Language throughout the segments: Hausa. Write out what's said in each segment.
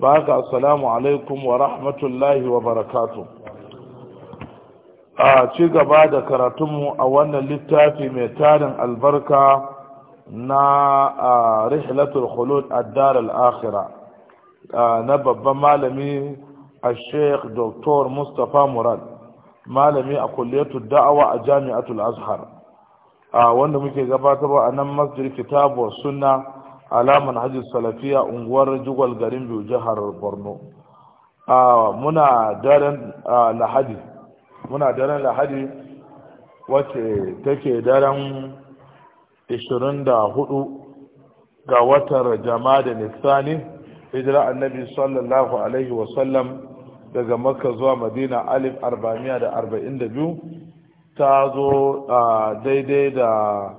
ba haka assalamu alaikum wa rahmatullahi wa barakatu a ci gaba da karatunmu a wannan littafi mai tarin albarka na rihlatul khulud addar al-akhira na babban malami a sheikh dr mustapha murad malami a kulliyatul da'awa a jami'atul azhar wanda muke gabatarwa a nan masjid kitabu sunna alaman hajji salafiya unguwar jugwal garin biyu jihar borno muna daren lahadi muna daren lahadi wacce take daren 24 ga watar jama'a da nisani hijira annabi sallallahu alaihi wasallam daga makka zuwa madina alif 442 ta zo daidai da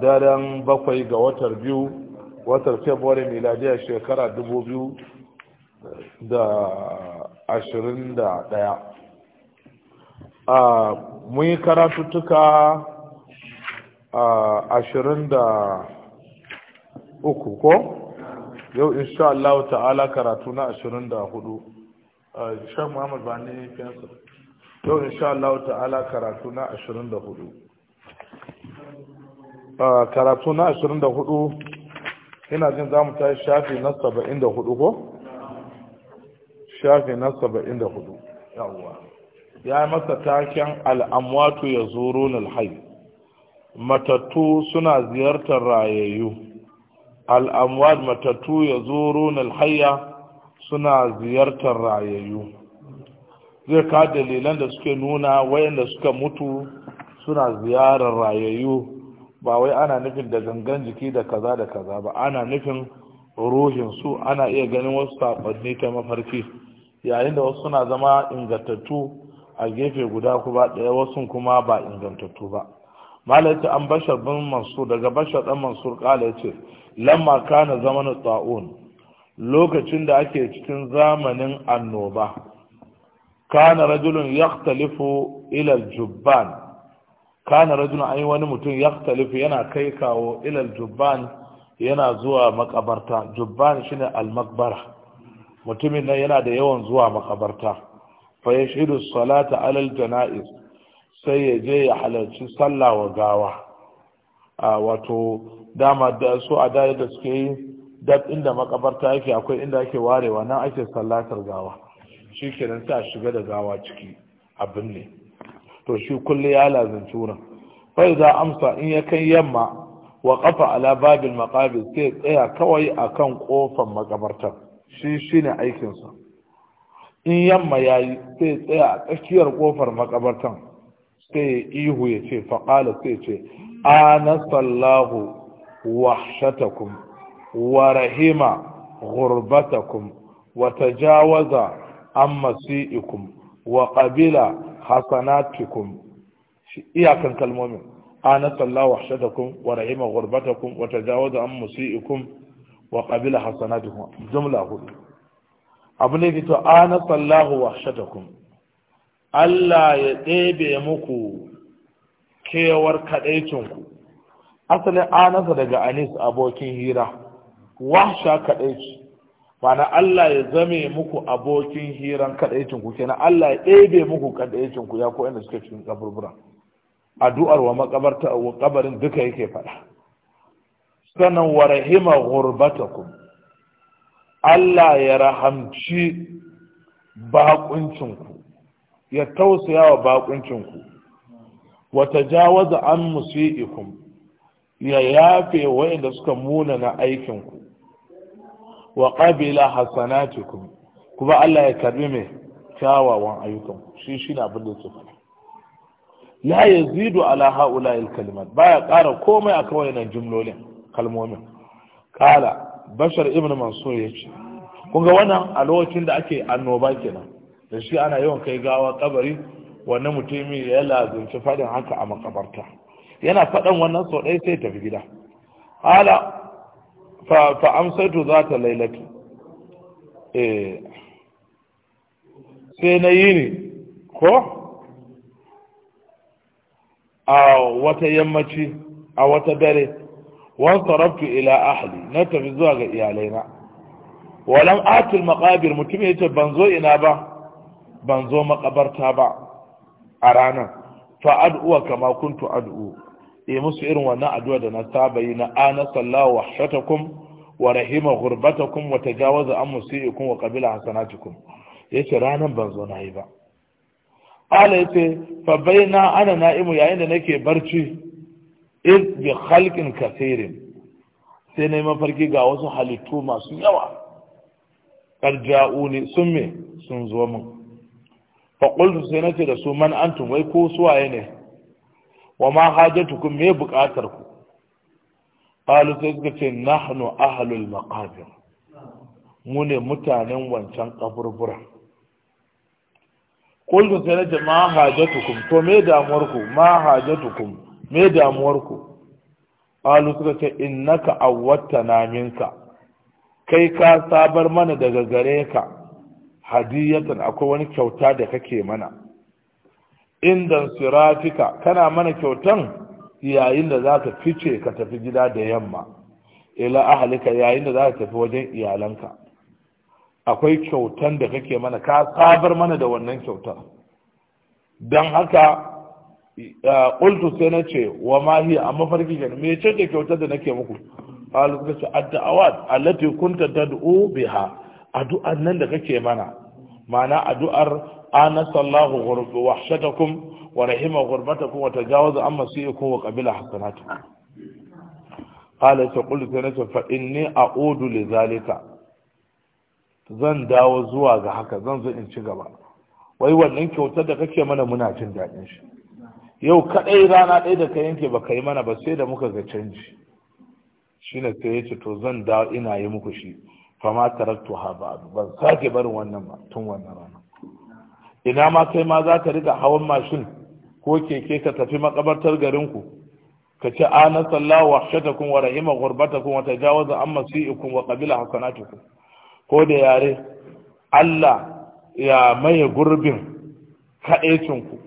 daren bakwai ga watar biyu watan february miladiyar shekara 2021 a mun yi karatuttuka a uku ko yau insha Allah ta'ala karatu na 24 shan muhammad ba ne fiyansa yau insha Allah ta'ala karatu na 24 karatu na 24 ina jin za mu tashi shafi na saba'in da hudu ko? shafi na saba'in da hudu yawwa ya yi masa taken al'amwatu ya zuru nalhai matattu suna ziyartar rayayyu al'amwat matattu ya zuru nalhaiya suna ziyartar rayayyu zai ka dalilan da suke nuna wayanda suka mutu suna ziyarar rayayyu ba wai ana nufin da gangan jiki da kaza da kaza ba ana nufin ruhin su ana iya ganin wasu saƙonni ta mafarki yayin da wasu suna zama ingantattu a gefe guda kuma ɗaya wasu kuma ba ingantattu ba malai an bashar bin mansur daga bashar ɗan mansur ƙala ya ce lamma kana na ta'un lokacin da ake cikin zamanin annoba kana rajulun yaktalifu ila jubban kana rajulun ai wani mutum yaktalifu yana kai kawo ilal jubban yana zuwa makabarta jubban shine al-makbara mutumin nan yana da yawan zuwa makabarta fa yashidu salata alal janaiz sai ya je ya halarci sallah wa gawa a wato dama da su a da da suke yi dab inda makabarta yake akwai inda ake warewa nan ake sallatar gawa shikenan sai a shiga da gawa ciki abin ne to shi kulle ya lazanci wurin fa za amsa in ya kai yamma wa ƙafa ala babil maqabir sai tsaya kawai akan kofar makabartar shi shine aikinsa in yamma yayi sai tsaya a tsakiyar kofar makabartar sai ihu ya ce faqala sai ce anasallahu wahshatakum wa rahima غربتكم وتجاوز عن wa وقبل hasanatukum shi iyakan kalmomin ana sallahu wahshatakum wa rahima ghurbatakum wa tajawaza an musiikum wa qabila hasanatukum jumla hudu abu ne fito ana sallahu wahshatakum Allah ya ɗebe muku kewar kaɗaicinku, asalin anasa daga anis abokin hira wahsha kadaici mana Allah ya zame muku abokin hiran kadaicin ku kenan Allah ya ɗebe muku kadaicin ku ya ko inda suke cikin kaburbura addu'ar wa makabarta wa kabarin duka yake faɗa sanan wa rahima ghurbatakum Allah ya rahamci bakuncin ku ya tausaya wa bakuncin ku wa jawaza an musiikum ya yafe wa'inda suka munana aikin ku wa qabila hasanatukum kuma Allah ya karbi mai kyawawan ayyukan shi shi na abin da faɗa la yazidu ala haula il kalimat baya ƙara komai kawai wannan jumlolin kalmomin kala bashar ibn mansur yace kun ga wannan a lokacin da ake annoba kenan da shi ana yawan kai gawa kabari wannan mutumi ya lazunci faɗin haka a makabarta yana faɗan wannan sau ɗaya sai tafi gida kala fa amsaitu za ta lailatu eh. sai na yi ne ko a wata yammaci a wata dare wan sarabtu ila ahli na tafi zuwa ga iyalaina Walan atul maqabir mutum yace ban zo ina ba ban zo makabarta ba a ranar fa ad'uwa kama kuntu ad'u yi musu irin wannan addu'a da na saba yi na ana sallahu wa Rahima, wa rahima ghurbatakum wa tajawaza an musiikum wa qabila hasanatikum yace ranan ban zo nayi ba qala yace fa baina ana na'imu yayin da nake barci iz bi khalqin kathirin sai yi mafarki ga wasu halittu masu yawa karja'uni sun me sun zo min fa qultu sai nace da su man antum wai ko suwaye ne wa ma hajatukum me buƙatar ku qalu sai suka ce nahnu ahlul maqabir mu ne mutanen wancan kaburbura kullu sai na ce ma hajatukum to me damuwar ku ma hajatukum me damuwar ku qalu suka ce innaka awwattana minka kai ka sabar mana daga gare ka hadiyatan akwai wani kyauta da kake mana inda siratika kana mana kyautan yayin da za ka fice ka tafi gida da yamma ila ahalika yayin da za tafi wajen iyalanka akwai kyautan da kake mana ka sabar mana da wannan kyautar don haka ƙultu sai na ce wa mahi a mafarki gani me ce ce kyautar da nake muku ƙalu suka ce addu'awat allati kunta tad'u biha addu'an nan da kake mana ma'ana addu'ar anasa الله غرب wa rahima غربتكم وتجاوز عن amma وقبل حسناتكم قال hasanatukum qala ta qultu لذلك zan dawo zuwa ga haka zan zo in ci gaba wai wannan kyautar da kake mana muna jin daɗin shi yau kaɗai rana ɗaya da ka yanke ba ka yi mana ba sai da muka ga canji shine sai ya ce to zan dawo ina yi muku shi fama taratu ha ba ban sake barin wannan ba tun wannan rana ina ma kai ma za ka riga hawan mashin ko keke ka tafi makabartar garinku ka a ana Sallah wa kun wa rahima ghurbatakum wa tajawaza an kun wa qabila hasanatukum ko da yare Allah ya maye gurbin ku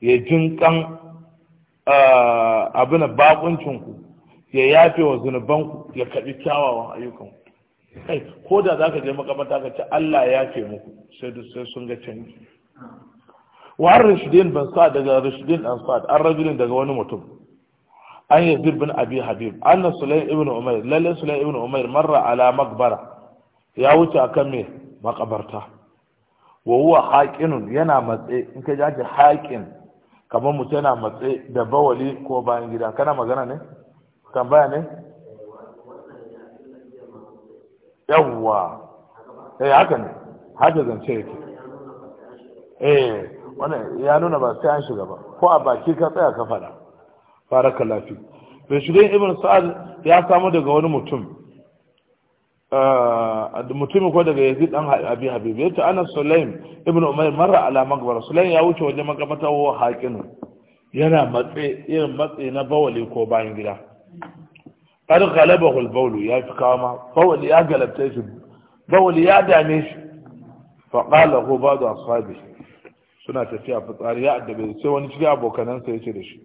ya jinƙan ah, abin baƙuncinku ya yafe wa zunubanku ya kaɗi kyawawan ayyukanku kai ko da za ka je makabarta ka ci Allah ya yafe muku sai sun ga canji wa an rashidin ban sa daga rashidin an sa an rajulin daga wani mutum an yazid bin abi habib anna sulaim ibn Umar, lalle sulaim ibn Umar, marra ala maqbara ya wuce kan me makabarta wa huwa haqinun yana matse in ka jaji haqin kamar mutum yana matse da bawali ko bayan gida kana magana ne tambaya ne yawwa eh haka ne haka zance yake eh wannan ya nuna ba sai an shiga ba ko a baki ka tsaya ka fara ka lafi bai shiga ibn sa'ad ya samu daga wani mutum eh, mutum ko daga yazid dan abi habib yace ana sulaim ibn umayr marra ala maqbara sulaim ya wuce wajen makabarta wa haƙinu yana matse irin matse na bawali ko bayan gida qad ghalabahu al ya fi kama bawali ya galabta shi Bawali ya dame shi fa qala hu ba'du ashabihi suna tafiya fitsari ya addabe sai wani cikin abokanansa ya ce da shi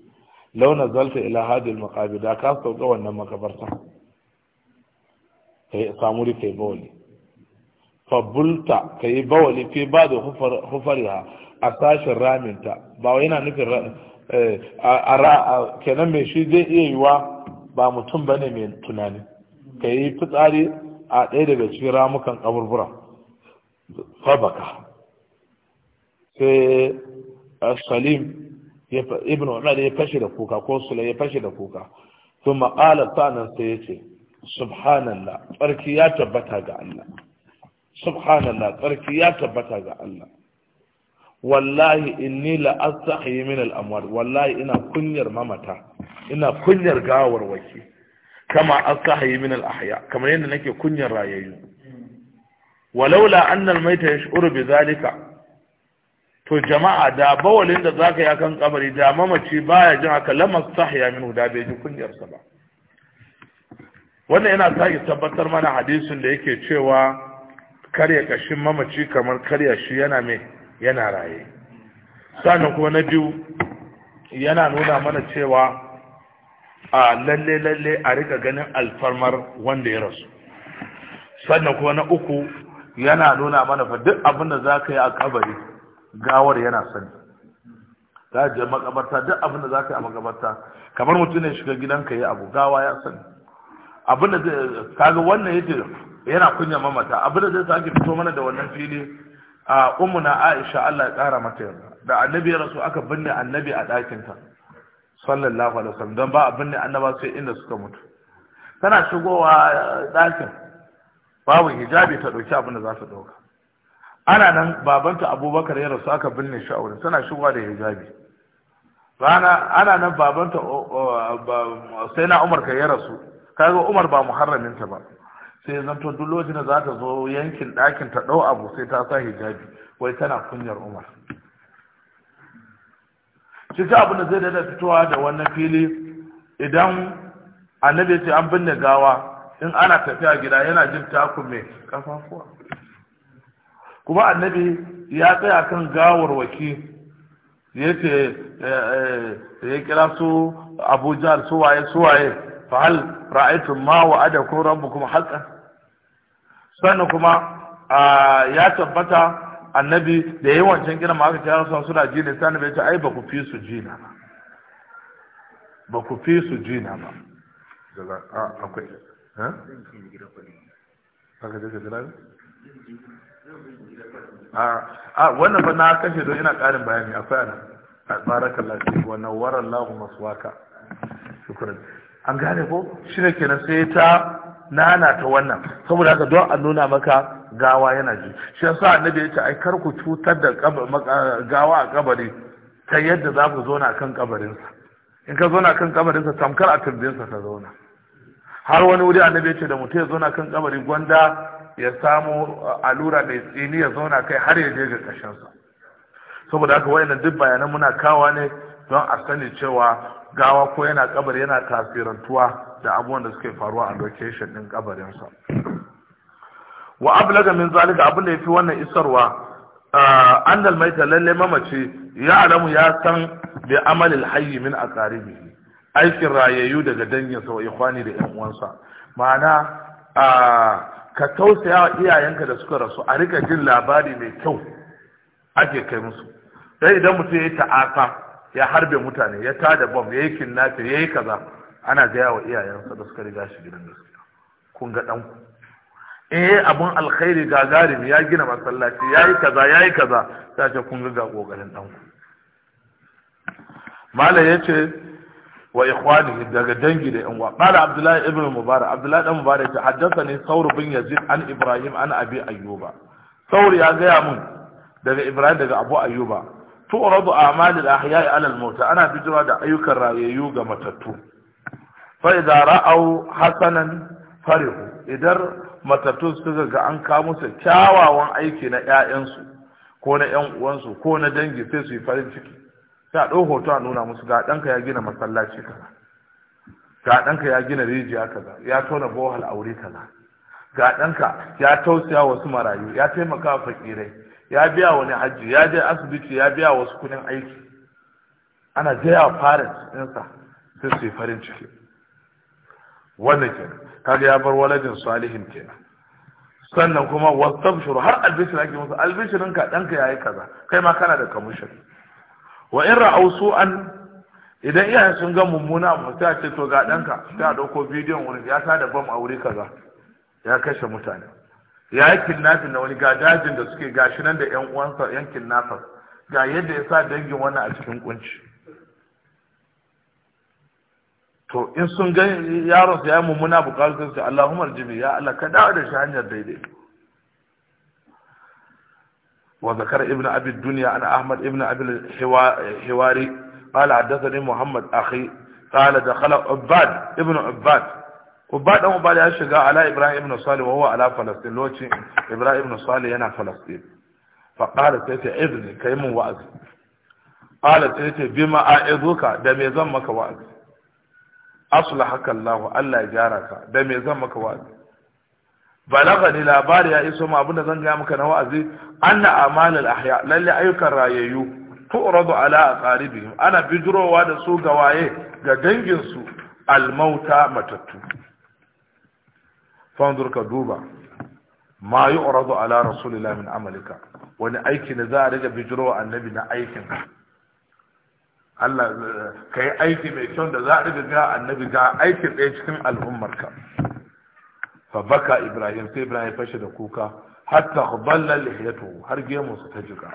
launa zalta ila hadil maqabi da ka sauka wannan makabarta kai samu rike bawali fabulta kai bawali fi ba da hufariha a sashin raminta ba wai yana nufin eh, kenan mai shi zai iya yiwa ba mutum bane mai tunani kai fitsari a ɗaya daga cikin ramukan kaburbura fabaka sai eh, salim ibn umar ya fashe da kuka ko sula ya fashe da kuka to ma'alar sa'anan sai ya ce subhanallah tsarki ya tabbata ga Allah subhanallah tsarki ya tabbata ga Allah wallahi inni la astahi min al amwar wallahi ina kunyar mamata ina kunyar gawar waki kama astahi min al ahya kamar yadda nake kunyar rayayyu walaula anna al mayta yash'uru bi zalika to jama'a da bawalin da zaka yi akan kabari da mamaci baya jin haka lamas ya minu da bai ji kunyar ba wannan yana sake tabbatar mana hadisin da yake cewa karya kashin mamaci kamar karya shi yana mai yana raye sannan kuma na biyu yana nuna mana cewa a lalle lalle a rika ganin alfarmar wanda ya rasu sannan kuma na uku yana nuna mana fa duk abin da za ka yi a kabari gawar yana sani ta je makabarta duk abin da za ka yi a makabarta kamar mutum ne shiga gidan ka yi abu gawa ya sani abin da zai kaga wannan yake yana kunya mamata Abinda da zai sake fito mana da wannan fili a na Aisha Allah ya kara mata yarda da annabi ya rasu aka binne annabi a ɗakin ta sallallahu alaihi wasallam don ba a binne annaba sai inda suka mutu tana shigowa ɗakin babu hijabi ta ɗauki abinda da za ta ɗauka ana nan babanta abubakar ya rasu aka binne shi a tana shigowa da hijabi rana ana nan babanta sai na umar ka ya rasu kaga umar ba muharramin ta ba sai zanto duk lokacin da za ta zo yankin ɗakin ta ɗau abu sai ta sa hijabi wai tana kunyar umar ta abin da zai daɗa fitowa da wannan fili idan annabi ce an binne gawa in ana tafiya gida yana jin taku mai kafafuwa kuma annabi ya tsaya kan gawar waki, ya ce eh, eh, ya kira su abu jihar suwaye suwaye fa hal ra'aytum ma wa'ada ko rabbukum haqqan sannan kuma ya tabbata annabi da yayi wancan kiran ma aka kira su suna jini ne sannan bai ce ai ba ku fi su jina ba ba ku fi su jina ba akwai eh? ha? a wannan ba na kashe don ina karin bayani akwai ana barakallahu fi wa nawwara Allahu maswaka shukran an gane ko ne kenan sai ta nana ta wannan saboda haka don a nuna maka gawa yana ji shi yasa annabi ya ce ai kar ku cutar da gawa a kabari ta yadda za ku zauna kan kabarinsa in ka zauna kan kabarinsa tamkar a turbinsa ka zauna har wani wuri annabi ya ce da mutum ya zauna kan kabari gwanda ya samu alura mai tsini ya zauna kai har ya je ga kashinsa saboda haka wayannan duk bayanan muna kawa ne don a sani cewa gawa ko yana kabar yana tasirantuwa da abubuwan da suke faruwa a location din kabarinsa wa ablaga min zalika abin da yafi wannan isarwa ah, annal maita lalle mamaci ya alamu ya san bi amalil hayyi min aqaribi aikin rayayyu daga danginsa wa ikhwani da yan uwansa ma'ana a ah, ka tausaya wa iyayenka da suka rasu a rika jin labari mai kyau ake kai musu dai idan mutum ya yi ta'asa ya harbe mutane ya tada bom ya yi kinnafe ya yi kaza ana gaya wa iyayensa da suka riga shi gidan gaskiya kun ga ɗanku eh abun alkhairi gagarimi ya gina masallaci ya yi kaza ya yi kaza ta ce kun ga ƙoƙarin ɗanku malam ya ce wa ikwani daga dangi da yan uwa abdullahi ibn mubarak abdullahi dan mubarak ta haddasa ne bin yazid an ibrahim an abi ayyuba thawr ya gaya mun daga ibrahim daga abu ayyuba tu'radu a'mal al-ahya'i 'ala al-mauta ana bijira da ayyukan rayayyu ga matattu fa idza ra'aw hasanan farihu idan matattu suka ga an kawo musu kyawawan aiki na ƴaƴansu ko na ƴan uwansu ko na dangi sai su yi farin ciki sai a ɗau hoto a nuna musu ga ɗanka ya gina masallaci kaza ga ɗanka ya gina rijiya kaza ya tona bohal aure kaza ga ɗanka ya tausaya wasu marayu ya taimaka wa fakirai ya biya wani hajji ya je asibiti ya biya wasu kuɗin aiki ana jaya wa parents ɗinsa sai su yi farin ciki wannan kenan kaga ya bar waladin salihin kenan sannan kuma wasu har albishirin ake musu albishirin ka ɗanka ya yi kaza kai ma kana da kamushin wa in ra'aw su'an idan iyaye sun ga mummuna abu sai a ce to ga ɗanka sai a ɗauko bidiyon wani ya tada bam a wuri kaza ya kashe mutane ya yi kidnapping na wani ga dajin da suke gashi nan da yan uwansa yan kidnapper ga yadda ya sa dangin wani a cikin kunci to in sun ga yaron su ya yi mummuna bukatar su Allahumma jibi ya Allah ka dawo da shi hanyar daidai وذكر ابن أبي الدنيا أن أحمد ابن أبي الحواري قال حدثني محمد أخي قال دخل عباد ابن عباد عباد أم عباد يشجع على إبراهيم بن صالح وهو على فلسطين لوتي إبراهيم بن صالح هنا فلسطين فقال سيتي ابني كيم وعز قال سيتي بما أعذك دم يزمك وعز أصلحك الله ألا يجارك دم يزمك وعز balaga ni labari ya iso ma abinda zan gaya maka na wa'azi anna amalul ahya lalle ayyukan rayayyu tu'radu ala aqaribihim ana bijirowa da su ga waye ga dangin su almauta matattu fanzur ka duba ma yu'radu ala rasulillahi min amalika wani aiki ne za a riga bijirowa annabi na aikin Allah eh, ka yi aiki mai kyau da za a riga ga annabi ga aikin ɗaya cikin al'ummarka fa baka ibrahim sai ibrahim fashe da kuka hatta khadalla lihiyatuhu har gemu su ta jika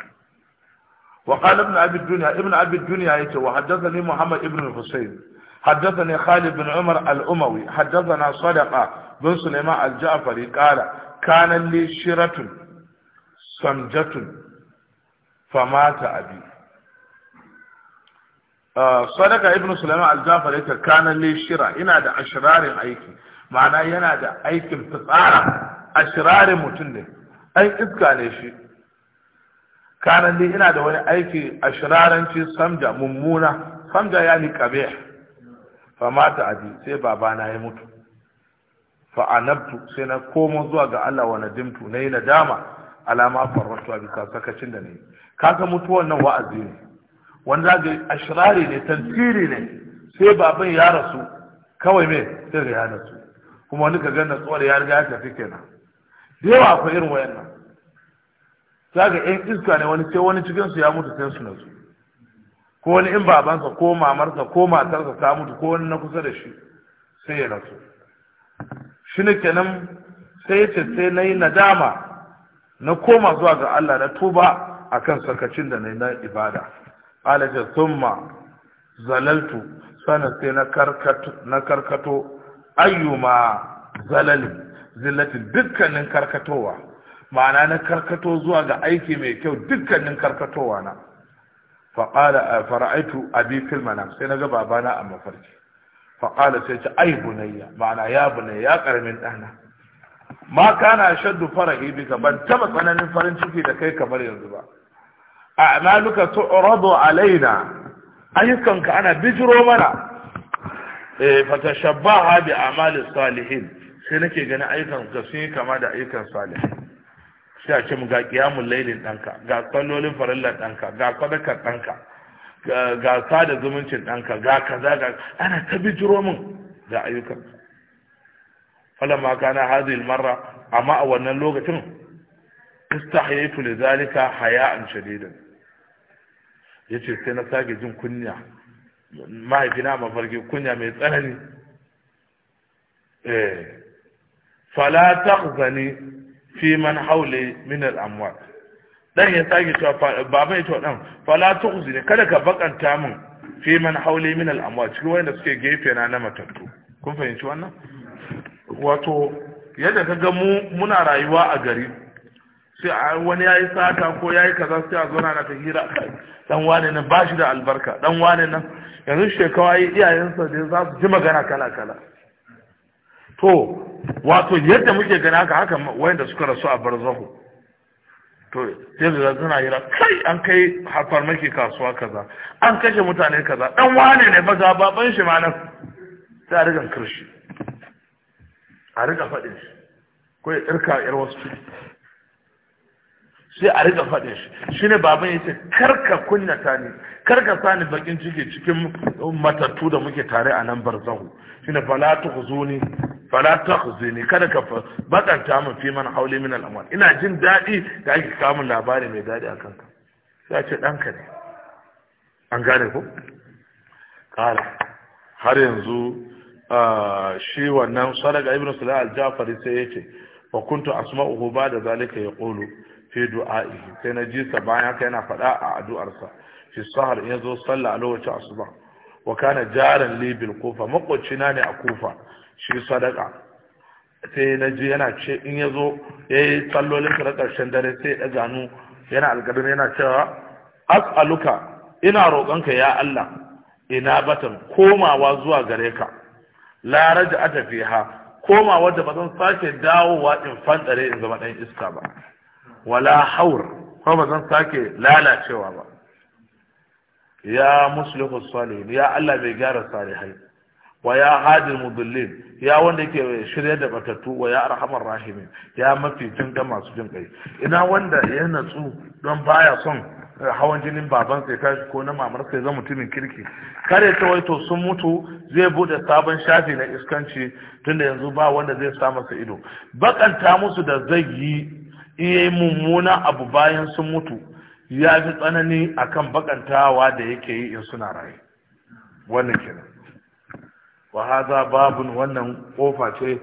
wa qala ibn abi dunya ibn abi dunya yace wa haddathani muhammad ibn husayn حدثني خالد بن عمر الأموي حدثنا صدقة بن سليمان الجعفري قال كان لي شرة سمجة فمات ibn صدقة Al-Jafari yace kana لي shira. Ina da أشرار aiki. ma'ana yana da aikin fitsara a shirarin mutum ne An iska ne shi kanan dai ina da wani aiki a shirarancin samja mummuna samja ya ni kabe fa mata aji sai babana ya mutu fa anabtu sai na komo zuwa ga Allah wa nadimtu na yi nadama alama farwatu a bisa sakacin da na yi kaka mutuwan nan wa'azi ne wanda ga shirare ne tantiri ne sai baban ya rasu kawai me sai ga ya rasu kuma wani ka gan natsuwar ya riga ya tafi kenan da yawa akwai irin wayannan za ga yan iska ne wani sai wani cikin su ya mutu sai su nasu ko wani in babansa ko mamarsa ko matarsa ta mutu ko wani na kusa da shi sai ya nasu shi ne kenan sai ce sai na yi nadama na koma zuwa ga Allah na tuba a kan sarkacin da na yi na ibada alajar summa zalaltu sannan sai na karkato ayyuma zalalin zillatin dukkanin karkatowa ma'ana na karkato zuwa ga aiki mai kyau dukkanin karkatowa na faƙala fara'aitu abi fil manam sai naga babana a mafarki faƙala sai ce ai bunayya ma'ana ya bunayya ya ƙaramin ɗana ma kana shaddu farahi ka ban taba tsananin farin ciki da kai kamar yanzu ba a'maluka tu'radu alaina ayyukanka ana bijiro mana Eh, fatashabbaha bi amali salihin sai nake ganin ayyukan ka sun yi kama da ayyukan salihin sai a ce mu ga qiyamul lailin danka ga sallolin farilla danka ga sadakar danka ga sada zumuncin danka ga kaza ga ana ta bijiro min da ayyukan ma kana hadhihi marra amma a wannan lokacin istahyaytu lidhalika haya'an shadidan yace sai na sake jin kunya mahaifina mafarki kunya mai tsanani eh, fala taghzani fi man haule min al amwat dan ya sake cewa baban ya ce dan fala tughzini kada ka bakanta min fi man haule min al amwat cikin wanda suke gefe na na matattu kun fahimci wannan wato yadda ka ga mu muna rayuwa a gari sai wani yayi sata ko yayi kaza sai a zo na ta hira dan wane nan ba shi da albarka dan wane nan yanzu shekawa iyayensa da za su ji magana kala kala to wato yadda muke gani haka haka wayanda suka rasu a barzahu to sai da yi hira kai an kai harfar maki kasuwa kaza an kashe mutane kaza dan wane ne ba baban shi ma nan sai a riga kirshi a riga faɗin shi ko ya irka yar wasu sai a riga faɗin shi shine baban ya ce karka ta ne karka sani bakin ciki cikin matattu da muke tare a nan barzahu ne fala tukhzuni fala ne kada ka bakanta min fi man haule min al'amal ina jin daɗi da ake kawo labari mai daɗi a kanka. sai ce ɗanka ne an gane ko kala har yanzu shi wannan sadaka ibnu salah al-jafari sai ce, wa kuntu asma'uhu ba da zalika ya ƙolo fi du'a'ihi sai na ji sa bayan haka yana faɗa a addu'arsa fi sahar in yazo sallah a lokacin asuba wa kana jaran li bil kufa na ne a kufa shi sadaka sai na ji yana ce in yazo zo ya yi sallolin sa ƙarshen dare sai ya hannu yana alƙadar yana cewa as'aluka ina roƙonka ya Allah ina batan komawa zuwa gare ka la raja'ata fiha komawa da bazan sake dawowa in fantsare in zama ɗan iska ba wala haur ko ba zan sake lalacewa ba ya muslihu salihin ya Allah bai gyara salihai wa ya hadil mudallin ya wanda yake shirye da batattu wa ya arhamar rahimin ya mafi jin ga masu jin kai ina wanda ya natsu don baya son eh, hawan jinin baban sai tashi ko na mamar sai zama mutumin kirki kare ta waito sun mutu zai bude sabon shafi na iskanci tunda yanzu ba wanda zai sa masa ido bakanta musu da zai yi in yi mummuna abu bayan sun mutu ya fi tsanani akan bakantawa da yake yi in suna raye wannan kenan wa haza babun wannan kofa ce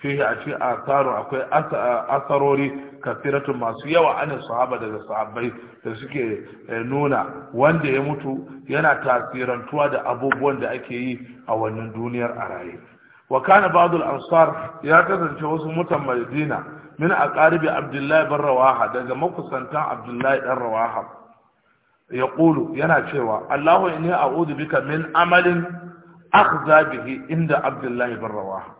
fihi a a tsaro akwai asarori kafiratu masu yawa ana sahaba daga sahabbai da suke eh, nuna wanda ya mutu yana tasirantuwa da abubuwan da ake yi a wannan duniyar a raye wa kana ba'dul ansar ya kasance wasu mutan madina min aqaribi abdullahi ban rawaha daga makusantan abdullahi ɗan rawaha ya yaqulu yana cewa allahu ne a bika min amalin akhza bihi inda abdullahi ban rawaha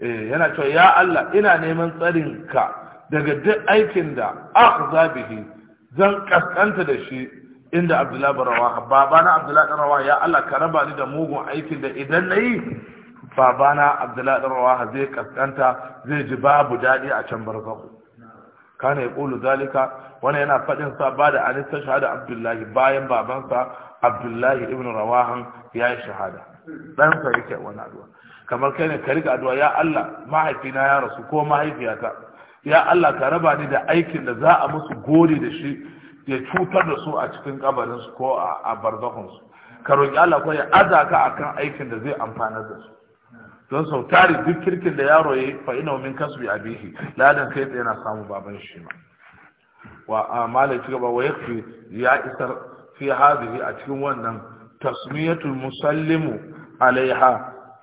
eh, yana cewa ya Allah ina neman tsarinka daga duk aikin da akhza bihi zan kaskanta da shi inda abdullahi ban rawaha Babana abdullahi ɗan rawaha ya Allah ka raba ni da mugun aikin da idan na yi. babana abdullahi ɗan rawaha zai kaskanta zai ji babu daɗi a can barzahu kana ya zalika wani yana faɗin sa ba da ta shahada abdullahi bayan babansa abdullahi ibn rawahan ya yi shahada ɗansa yake wani addu'a kamar kai ne ka addu'a ya Allah mahaifina ya rasu ko mahaifiyata ya Allah ka raba ni da aikin da za a musu gori da shi ya cutar da su a cikin kabarinsu ko a barzahunsu ka roƙi Allah ko ya aza ka akan aikin da zai amfanar da su don sau tari duk kirkin da yaro ya yi fa ina min kasbi abihi ladan kai tsaye na samu baban shi ma wa malai ci gaba wa yakfi ya isar fi hadhihi a cikin wannan tasmiyatul musallimu alaiha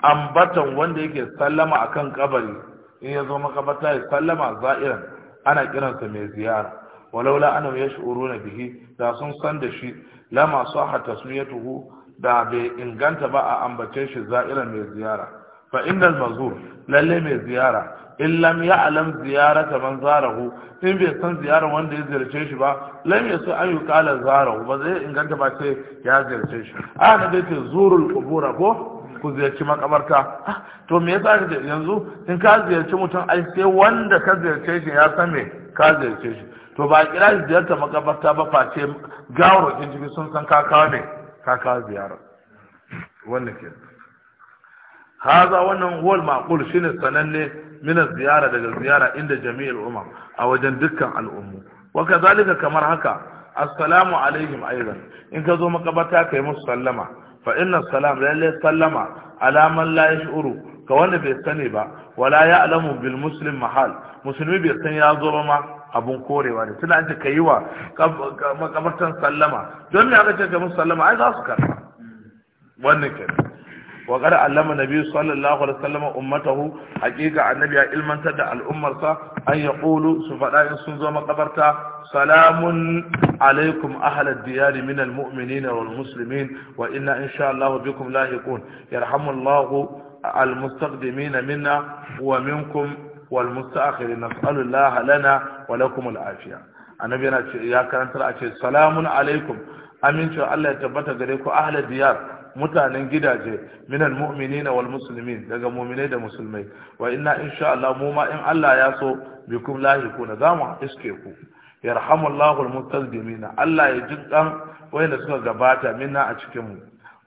ambatan wanda yake sallama akan kabari in ya zo makabarta ya sallama za'iran ana kiransa mai ziyara walaula anam yash'uruna bihi da sun san da shi lama sahha tasmiyatuhu da bai inganta ba a ambace shi za'iran mai ziyara فإن المزور للم زيارة mai ziyara in lam من ziyarata إن بيستن in bai san ziyarar wanda ya ziyarce shi ba lam yasu an yuqala zarahu ba zai inganta ba ya ziyarce shi a ah, na ko ku ziyarci makabarta ah, to me yasa ka yanzu in ka ziyarci mutum ai sai wanda ka ziyarce shi ya san me ka ziyarce shi to ba kira ziyarta makabarta ba face gawar jijjibi sun san ka ne ka wannan ke. haza wannan huwal maqul shine sananne min ziyara daga ziyara inda jami'il umam a wajen dukkan al'ummu wa kazalika kamar haka assalamu alaihim aidan in ka zo makabata kai musu sallama fa inna salam lalle sallama ala man la yash'uru ka wanda bai sani ba wala ya'lamu bil muslim mahal musulmi bai san ya zo ba ma abun korewa ne tana ce ka yi wa makabartan sallama don me aka ce ka musu sallama ai za su karba wannan kenan wa qad allama nabi sallallahu alaihi wasallam ummatahu haqiqa annabi ya ilmantar da al'ummar sa an yaqulu su fada in sun zo makabarta salamun alaikum ahlad diyar min almu'minin wal muslimin wa inna insha Allah bikum lahiqun yarhamullahu المستقدمين منا ومنكم والمستأخرين نسأل الله لنا ولكم العافية annabi yana ya karantar a ce salamun alaikum amincin Allah ya tabbata gare ku ahla diyar mutanen gidaje minal mu'minina wal daga mu'minai da musulmai wa inna insha Allah mu ma in Allah ya so bikum lahiku za mu iske ku yarhamullahu almustazlimina Allah ya jin dan wayanda suka gabata minna a cikin mu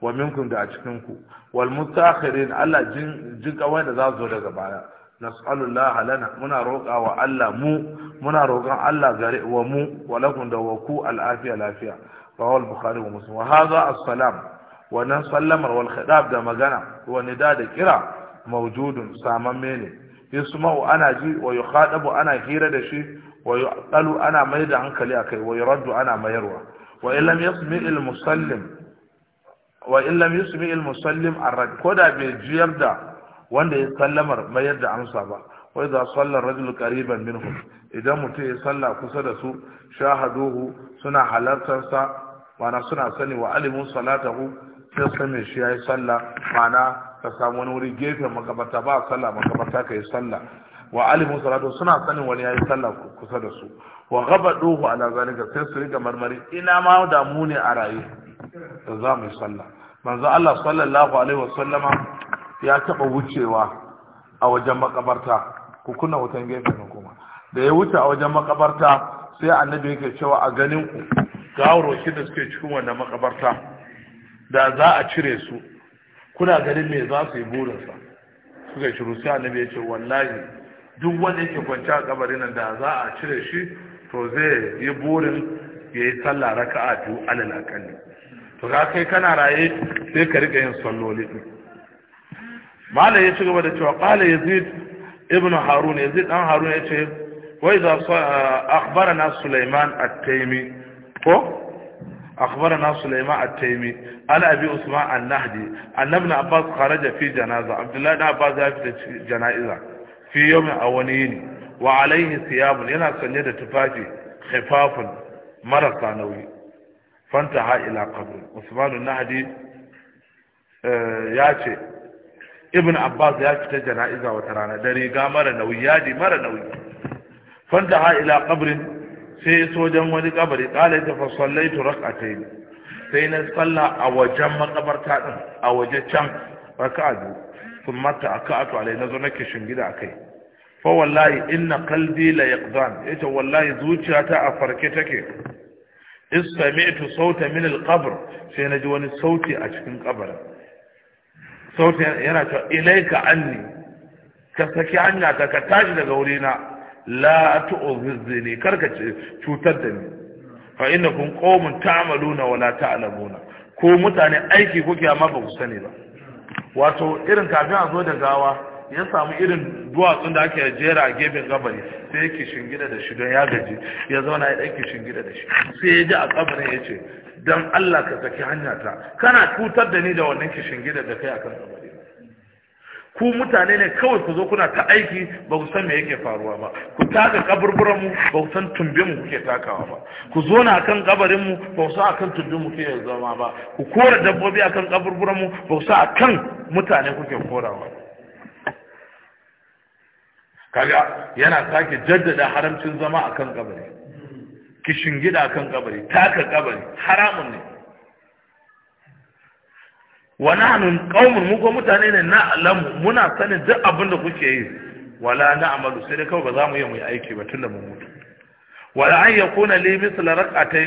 wa minkum da a cikin ku wal mutakhirin Allah jin jin wayanda za zo daga baya nas'alullaha lana muna roƙa wa Allah mu muna roƙan Allah gare wa mu wa lakum da wa ku al'afiya lafiya rawal bukhari wa muslim wa hadha as-salam wannan sallamar wal da magana wani da da kira mawjudun samamme ne yusma'u ana ji wa yukhadabu ana hira da shi wa yuqalu ana mai da hankali akai wa yuraddu ana mayarwa wa illam yasmi al musallim wa illam yasmi al musallim ko da bai jiyar da wanda ya sallamar mayar da amsa ba wai za sallar rajul qariban minhum idan mutum ya salla kusa da su shahaduhu suna halartarsa mana suna sani wa alimun salatahu sai ne shi ya yi sallah mana ka samu wani wuri gefen makabarta ba sallah makabarta ka yi sallah wa alimun salatu suna sanin wani ya yi sallah kusa da su wa gaba duhu ala zalika sai su riga marmari ina ma da mu ne a raye da za mu yi sallah manzo Allah sallallahu alaihi wa sallama ya taba wucewa a wajen makabarta ku kunna wutan gefen kuma da ya wuce a wajen makabarta sai annabi yake cewa a ganin ku gawar da suke cikin wannan makabarta da za a cire su kuna ganin me za su yi burinsa suka yi shiru sai annabi ya ce wallahi duk wanda yake kwanci a kabarin nan da za a cire shi to zai yi burin ya yi sallah raka'a biyu alal akalli to ga kai kana raye sai ka rika yin salloli din mala ya ci gaba da cewa qala yazid ibnu harun yazid dan harun ya ce wa idza akhbarana sulaiman at-taymi ko أخبرنا سليمان التيمي أنا أبي أسماء النهدي أن ابن عباس خرج في جنازة عبد الله بن عباس في جنائزة في يوم أولين وعليه ثياب ينا سنية تفاجي خفاف مرة ثانوي فانتهى إلى قبر عثمان النهدي ياتي ابن ibn abbas ya fita وترانا wata rana da riga mara nauyi yadi mara nauyi sai sojan wani kabari kala ta fa sallaitu rak'atayn sai na salla a wajen makabarta din a waje can raka'a biyu sun mata aka'atu alai nazo nake shingida akai fa wallahi inna qalbi la yaqdan yace wallahi zuciyata a farke take istami'tu sauta min alqabr sai naji wani sauti a cikin kabarin sautin yana ta ilaika anni ka saki hanya ta ka tashi daga wurina la tu'zizni karka ce cutar da ni fa innakum qawmun ta'maluna wala ta'lamuna ko mutane aiki kuke amma ba ku sani ba wato irin kafin a zo da gawa ya samu irin duwatsun da ake jera a gefen gabari sai yake kishin gida da shi don ya gaji ya zauna ya ɗan kishin da shi sai ya ji a kabarin ya ce don Allah ka saki hanya ta. kana cutar da ni da wannan kishin gida da kai akan kabarin ku mutane ne kawai ku zo kuna ta aiki ba ku san me yake faruwa ba ku taka kaburburan mu ba ku san tumbin mu kuke takawa ba ku zo na kan kabarin mu ba ku san akan tumbin mu kuke zama ba ku kora dabbobi akan kaburburan mu ba ku san akan mutane kuke korawa kaga yana sake jaddada haramcin zama akan kabari kishin gida akan kabari taka kabari haramun ne wa nahnu qaumun mu ko mutane ne na alamu muna sanin duk abin da kuke yi wala na amalu sai dai kawai ba za mu yi mu aiki ba tunda mu mutu wala an yakuna li misla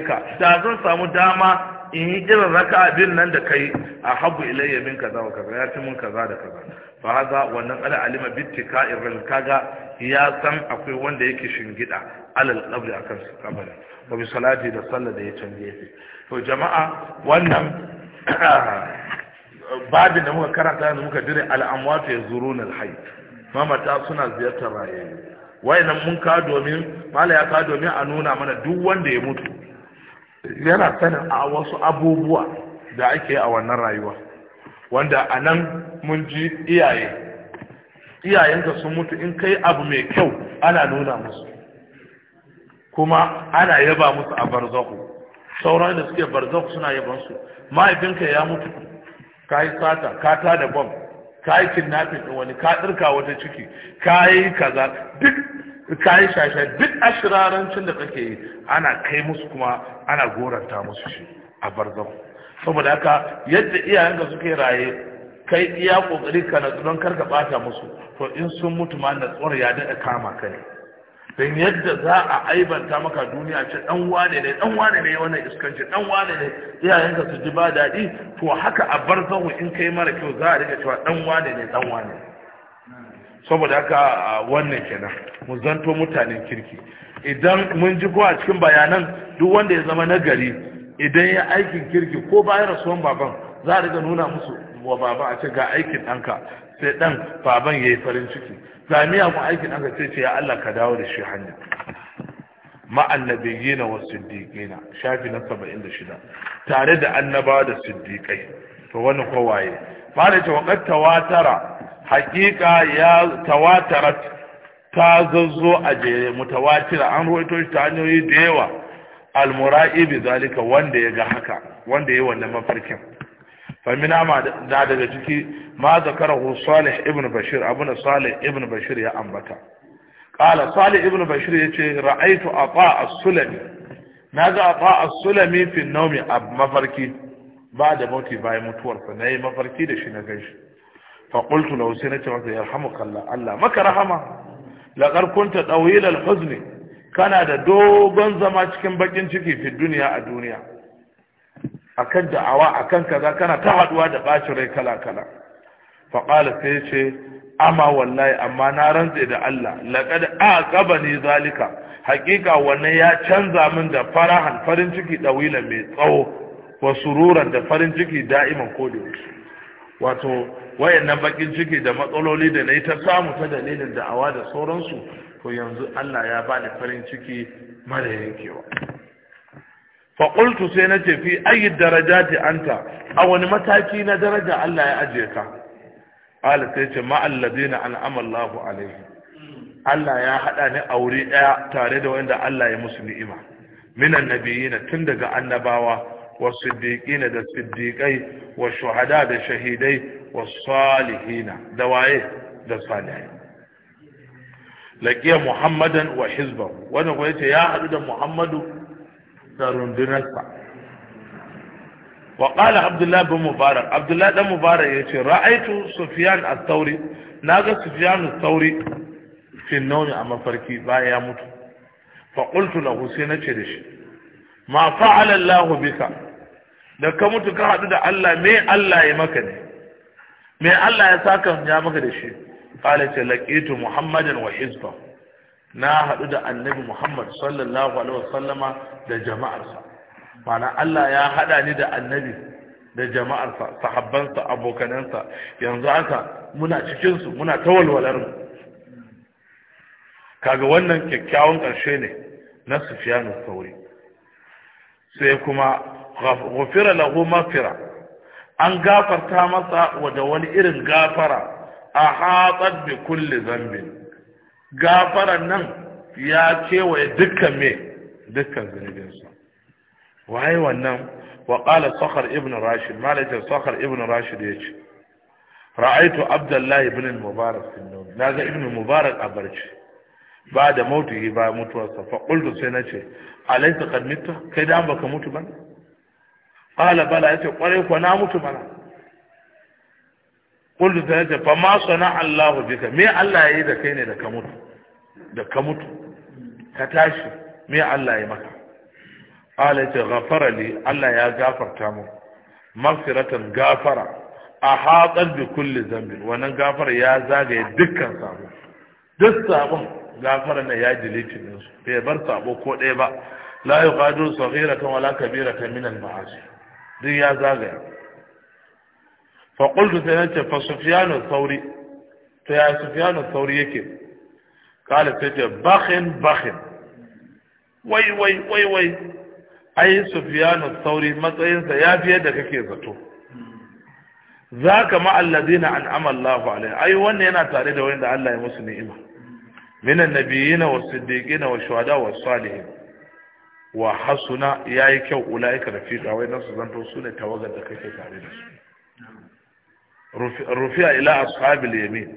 ka. da zan samu dama in yi irin raka abin nan da kai a habu ilayya min kaza wa kaza ya fi mun kaza da kaza fa haza wannan ala alima bittika irin kaga ya san akwai wanda yake shingida alal qabri akan su kabari wa bi salati da sallah da ya canje to jama'a wannan babin da muka karanta da muka dire al'amwatu ya zuru na mamata suna ziyartar rayayyu nan mun ka domin mala ya ka domin a nuna mana duk wanda ya mutu yana sanin a wasu abubuwa da ake a wannan rayuwa wanda a nan mun ji iyaye iyayenka sun mutu in kai abu mai kyau ana nuna musu kuma ana yaba musu a barzahu sauran da suke barzahu suna yaban su mahaifinka ya mutu ka yi sata ka ta da bom ka yi kidnapping ɗin wani ka ɗirka wata ciki ka yi kaza duk ka yi shashe duk ashirarancin da kake yi ana kai musu kuma ana goranta musu shi a barzan saboda haka yadda iyayenka suke raye kai iya kokari ka natsu don karka bata musu to in sun mutu ma natsuwar ya daɗa kama ka ne don yadda za a aibanta maka duniya ce dan wane ne dan wane ne wannan iskanci dan wane ne iyayenka su ji ba daɗi to haka a bar zanwu in kai mara kyau za a riga cewa dan wane ne dan wane saboda haka wannan kenan mu zanto mutanen kirki idan mun ji ko a cikin bayanan duk wanda ya zama nagari idan ya aikin kirki ko bayan rasuwan baban za a riga nuna musu wa baba a ce ga aikin ɗanka sai ɗan baban ya yi farin ciki sami abu aikin aka ce ce ya Allah ka dawo da shi hanya ma'an na wa na shafi na 76 tare da annaba da siddiqai to wani kowaye fara ta wakar tawatara hakika ya tawatara ta zazzo a jere mutawatira an ruwaito shi ta hanyoyi da yawa almura'i bi zalika wanda ya ga haka wanda ya wannan mafarkin famina ma da daga ciki ma zakarahu salih ibn bashir abuna salih ibn bashir ya ambata qala salih ibn bashir yace ra'aitu ata as-sulami naga ata as-sulami fi nawmi ab mafarki ba da mauti bayan mutuwar sa nayi mafarki da shi na gaishe fa qultu lahu sanata wa yarhamuka Allah Allah maka rahama laqad kunta tawil al-huzn kana da dogon zama cikin bakin ciki fi duniya a duniya akan da'awa akan kaza kana ta haduwa da bacin kala kala faƙala sai ya ce amma wallahi amma na rantse da Allah laƙad a ne zalika haƙiƙa wannan ya canza min da farahan farin ciki ɗawila mai tsawo wa sururan da farin ciki da'iman ko da yaushe wato wayannan bakin ciki da matsaloli da na yi ta samu ta dalilin da awa da sauransu to yanzu Allah ya bani farin ciki mara yankewa faƙultu sai na ce fi ayi darajati anta a wani mataki na daraja Allah ya ajiye ka qala sai ce ma alladina an'ama Allahu alaihi Allah ya haɗa ni a wuri daya tare da wanda Allah ya musu ni'ima minan nabiyina tun daga annabawa wa siddiqina da siddiqai wa shuhada da shahidai wa salihina da waye da salihai laqiya muhammadan wa hizbahu wannan ko yace ya haɗu da muhammadu da rundunarsa Waƙala qala abdullah bin mubarak abdullah dan mubarak yace ra'aitu sufyan as-sauri naga sufyan as-sauri fi nawmi a mafarki bayan ya mutu fa qultu lahu nace da shi ma bika da ka mutu ka haɗu da Allah me Allah ya maka ne me Allah ya saka ya maka da shi qala ta laqitu muhammadan wa hizba na haɗu da annabi muhammad sallallahu alaihi wasallama da jama'arsa mana Allah ya haɗa ni da annabi da jama'arsa sahabbansa abokanansa yanzu haka muna cikinsu muna ta walwalar mu kaga wannan kyakkyawan ƙarshe ne na sufiyanu sauri sai kuma gafira lahu mafira an gafarta masa wada wani irin gafara a hatsar bi kulli zambin gafaran nan ya kewaye dukkan me dukkan zunubinsa waye wannan wa qala sakhar ibn rashid malakin sakhar ibn rashid yace ra'aytu abdullah ibn al-mubarak fi an-nawm naga ibn mubarak a barci ba da mautuhi ba mutuwarsa fa qultu sai nace alaysa qad mitta kai da baka mutu ba qala bala yace kware ko na mutu bana? qultu sai nace fa ma sana allah bika me allah yayi da kai ne da ka mutu da ka mutu ka tashi me allah ya maka ala ce ghafara Allah ya gafarta mu magfiratan gafara a haƙar bi kulli zambin wannan gafara ya zagaye dukkan sabo duk sabon gafara na ya dilitin ɗinsu bai bar sabo ko ɗaya ba la yuqadiru saghiratan wala kabiratan min al-ma'asi duk ya zagaya fa qultu sai nace fa sufyanu thawri to ya sufyanu thawri yake kala sai ce bakhin bakhin wai wai wai ai sufiyanu sauri matsayinsa ya fiye da kake zato za ka ma'allazina an amallahu alai ai wanne yana tare da wanda Allah ya musu ni'ima minan nabiyina wa siddiqina wa shuhada wa salihin wa hasuna yayi kyau ulaika rafiqa wai nan su zanto su ne tawagar da kake tare da su rufi'a ila ashabil yamin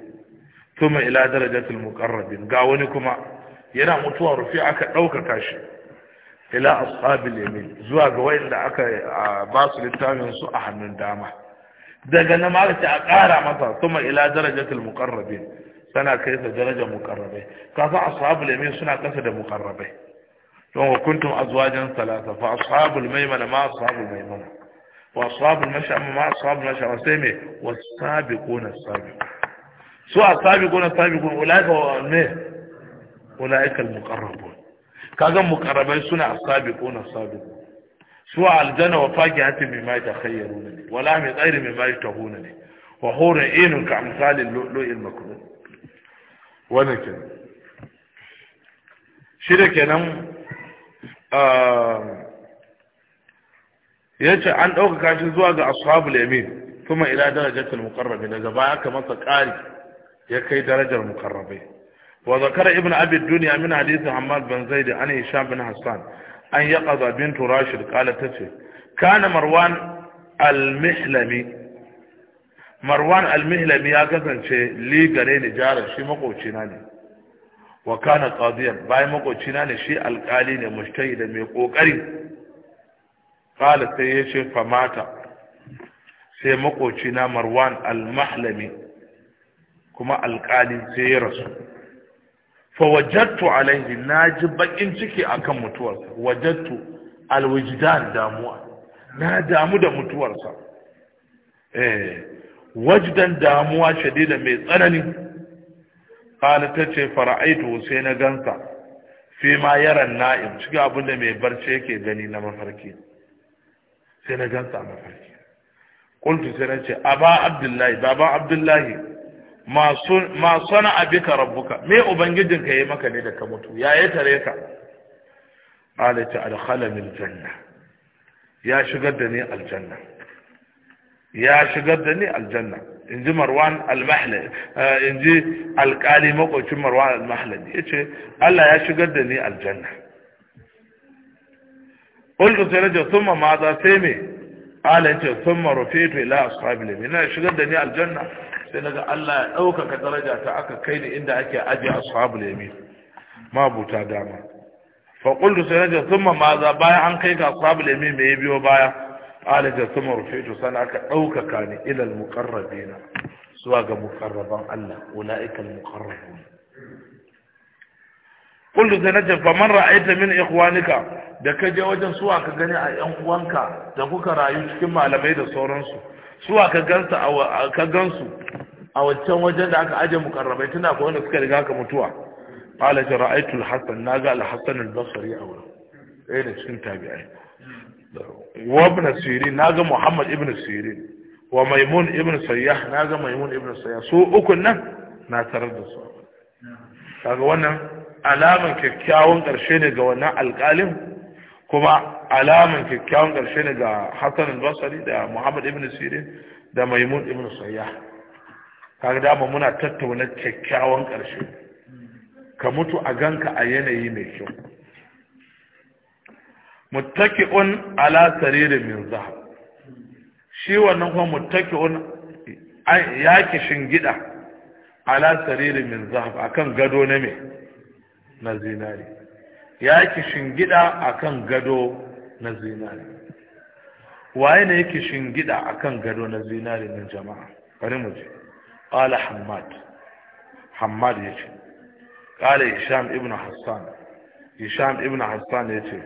thumma ila darajatil muqarrabin ga wani kuma yana mutuwa rufi'a aka ɗaukaka shi ila ashabil yamin zuwa ga wayanda aka ba su littafin su a hannun dama daga nan ma ce a ƙara masa kuma ila darajatul muqarrabin sana kai sa darajar muqarrabai kafa ashabul yamin suna kasa da muqarrabai don wa kuntum azwajan salasa fa ashabul maimana ma ashabul maimana wa ashabul mash'ama ma ashabul mash'ama sai me wasabiquna sabiqun su asabiquna sabiqun ulaika ne ulaika al muqarrabun kaga mukarrabai suna na sabiqun su aljanna wa faqihatin mimma yatakhayaruna ne wala min ghairi mimma yatahuna ne wa hurun inun ka amsalin lu'lu'il makrun wannan kenan shi da kenan ah, ya ce an dauka kashi zuwa ga ashabul yamin kuma ila darajatul muqarrabin daga baya ka masa qari ya kai darajar muqarrabai وذكر ابن أبي الدنيا من حديث حماد بن زيد عن هشام بن حسان أن يقظ بنت راشد قالت تشي كان مروان المحلمي مروان المهلمي ya kasance li gare ni shi makocina wa kana qadiyan bayan makocina ne shi alkali ne mushtahi da mai ƙoƙari qala sai ya ce famata sai makocina marwan almahlami kuma alkali sai ya rasu fa wajattu alaihi ji bakin ciki akan mutuwarsa wajattu alwijdan damuwa na damu da mutuwarsa eh wajdan damuwa shadida mai tsanani ta tace fara'aitu sai na gansa fi ma yaran na'im cikin abin da mai barci yake gani na mafarki sai na gansa mafarki qultu sai na ce aba abdullahi baba abdullahi ma sana abika rabbuka me ubangijinka yi maka ne da ka mutu ya yi tare ka alaita ta min janna ya shigar da ni aljanna ya shigar da ni aljanna inji marwan al eh, in inji alqali makocin marwan al-mahlabi yace Allah ya shigar da ni aljanna qultu sai raja thumma ma za sai me alaita yace thumma rufitu ila ashabil yamin na shigar da ni aljanna sai daga Allah ya ɗaukaka daraja ta aka kai ni inda ake ajiye ashabul yamin mabuta dama fa qultu sai nace ma maza bayan an kai ka ashabul yamin me biyo baya qala ta thumma rufitu sana aka ɗaukaka ni ila al muqarrabina zuwa ga muqarraban Allah ulaiikal muqarrabun qultu sai nace fa man ra'aita min ikhwanika da ka je wajen suwa ka gani a yan uwanka da kuka rayu cikin malamai da sauransu suwa ka gansu a ka gansu a wancan wajen da aka aje mukarrabai tana ko wanda suka riga ka mutuwa qala ra'aytu al-hasan naga al-hasan al-basri a wurin ɗaya da cikin tabi'ai wa ibn sirin naga muhammad ibn sirin wa maimun ibn sayyah naga maimun ibn sayyah su uku nan na tarar da su kaga wannan alaman kyakkyawan karshe ne ga wannan alƙalin kuma alamun kyakkyawan ƙarshe ne ga hassan basari da muhammad ibn sirin da maimun ibn sayya kaga dama muna tattauna kyakkyawan ƙarshe ka mutu a ganka a yanayi mai kyau muttaki'un ala saririn min zahab shi wannan kuma muttaki'un ya ki shingida ala saririn min zahab akan gado na me na zinari ya ki shingida a kan gado na zinari waye ne yake shingida a kan gado na zinari na jama'a bari mu ji Hamad. Hamad ya ce. qala hisham ibn hassan hisham ibn hassan ya ce.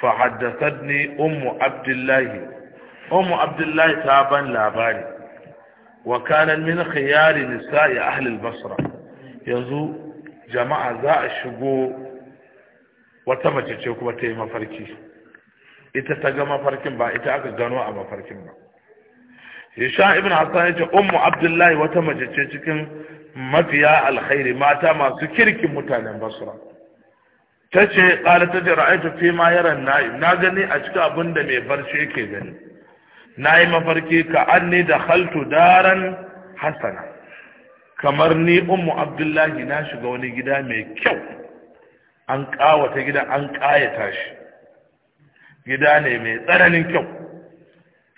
fa haddathatni ummu abdullahi ummu abdullahi ta ban labari wa kana min khiyari nisa'i ahli al-basra yanzu jama'a za a shigo wata mace ce kuma ta yi mafarki ita ta ga mafarkin ba ita aka gano a mafarkin ba isha ibn hassan ya ce ummu abdullahi wata mace ce cikin mafiya alkhairi mata masu kirkin mutanen basra ta ce ƙala ta ce ra'aitu fi ma yaran na'im na gani a cikin abin da mai barci yake gani na yi mafarki ka an ni da haltu daren hasana kamar ni ummu abdullahi na shiga wani gida mai kyau an ƙawata gidan an ƙayata shi gida ne mai tsananin kyau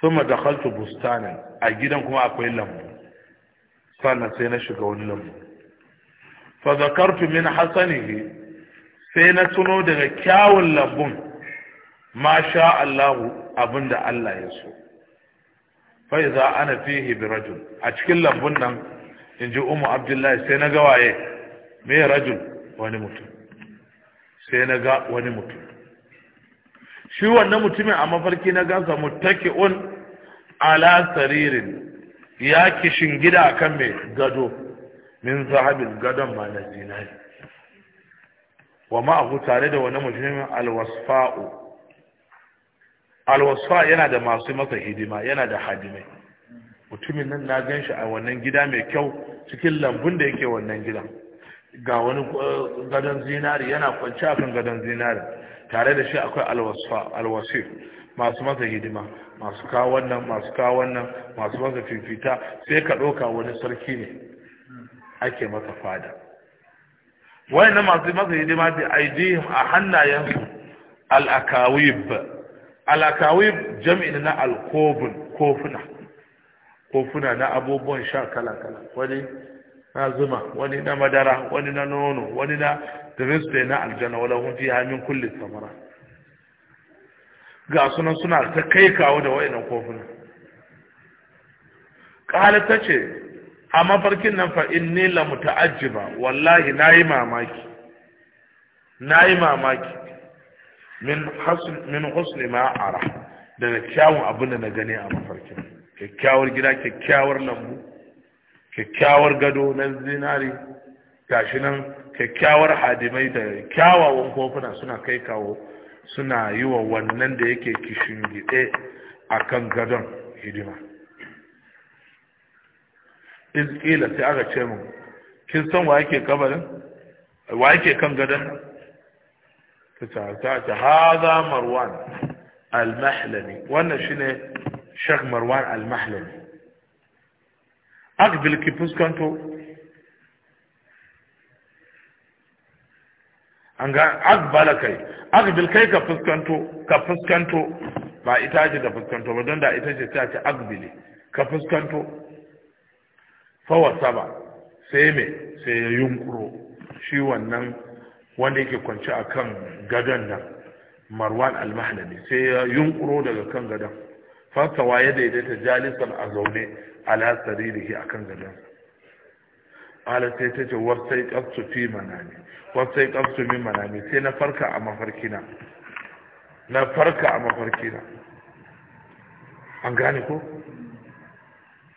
sun da dakaltu bustanin a gidan kuma akwai lambu sannan sai na shiga wani lambu fa zakartu min hasanihi sai na tuno daga kyawun lambun ma sha Allahu abinda Allah ya so fai za ana fihi bi rajul a cikin lambun nan in ji umu abdullahi sai na ga waye me rajul wani mutum sai na ga wani mutum shi wannan mutumin a mafarki na gansa mutaki ala saririn ya kishin gida kan mai gado min zahabin gadon ma na zinari wa ma'ahu tare da wani mutumin alwasfa'u alwasfa yana da masu masa hidima yana da hadimai mutumin nan na gan shi a wannan gida mai kyau cikin lambun da yake wannan gida. ga wani eh, gadon zinari yana kwanci akan gadon zinari tare da shi akwai alwasif masu masa hidima masu kawo wannan masu kawo wannan masu masa fifita sai ka ɗauka wani sarki ne ake masa fada wayannan masu masa hidima da aidihim a hannayensu al'akawib al'akawib jami'in na alkobin kofuna kofuna na abubuwan sha kala kala wani na zuma wani na madara wani na nono wani na turistai na aljanna wala hun fi hamin kulle samara ga sunan suna ta kai kawo da wa'inan kofuna ƙahalar ta ce a mafarkin nan fa inni la muta'ajjiba wallahi na yi mamaki na yi mamaki min husni ma ara daga kyawun abin na gani a mafarkin kyakkyawar gida kyakkyawar lambu kyakkyawar gado na zinari gashi nan kyakkyawar hadimai da kyawawan kofuna suna kai kawo suna yi wa wannan da yake kishin gide a kan gadon hidima izkila sai aka ce mu kin san wa yake kabarin wa yake kan gadon ta ta ta haza marwan al-mahlami wannan shine shekh marwan al-mahlami akbil ki fuskanto an ga akbala kai akbil kai ka fuskanto ka fuskanto ba ita ce da fuskanto ba don da ita ce ta ce akbili ka fuskanto fawa saba sai me sai ya yunkuro shi wannan wanda yake kwanci a kan gadon nan marwan almahalami sai ya yunkuro daga kan gadon fasawa ya daidaita jalisan a zaune ala a kan gadon ala sai ta ce wasai qaftu fi manami wasai qaftu min manami sai na farka a mafarkina na farka a mafarkina an gane ko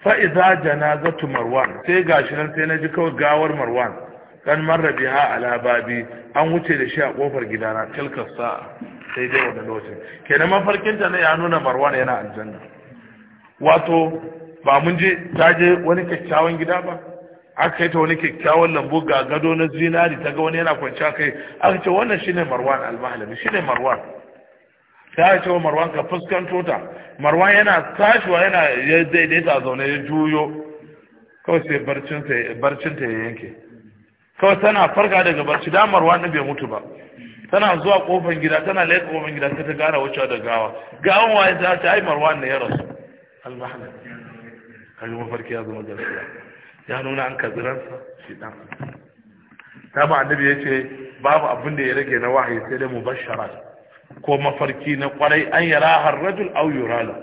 fa'iza janazatu marwan sai gashi nan sai na ji kawai gawar marwan kan marra ha ala babi an wuce da shi a ƙofar gidana tilka sa'a sai dai wannan lokacin kenan mafarkinta ne ya nuna marwan yana aljanna wato ba mun je ta je wani kyakkyawan gida ba aka kai ta wani kyakkyawan lambu ga gado na zinari ta ga wani yana kwanciya kai aka ce wannan shine marwan al shi shine marwan ta ce wa marwan ka fuskanto ta marwan yana tashiwa yana ya daidaita zaune ya juyo kawai sai barcin ya yanke kawai tana farka daga barci da marwan din bai mutu ba tana zuwa kofan gida tana laifin kofan gida sai ta gara wucewa da gawa gawan waye ta ce ai marwan ne ya rasu al kaji mafarki ya zama gaskiya ya nuna an kaziransa shi dan ta ba annabi ya ce babu abin da ya rage na wahayi sai dai mubashara ko mafarki na kwarai an yara har rajul au yurala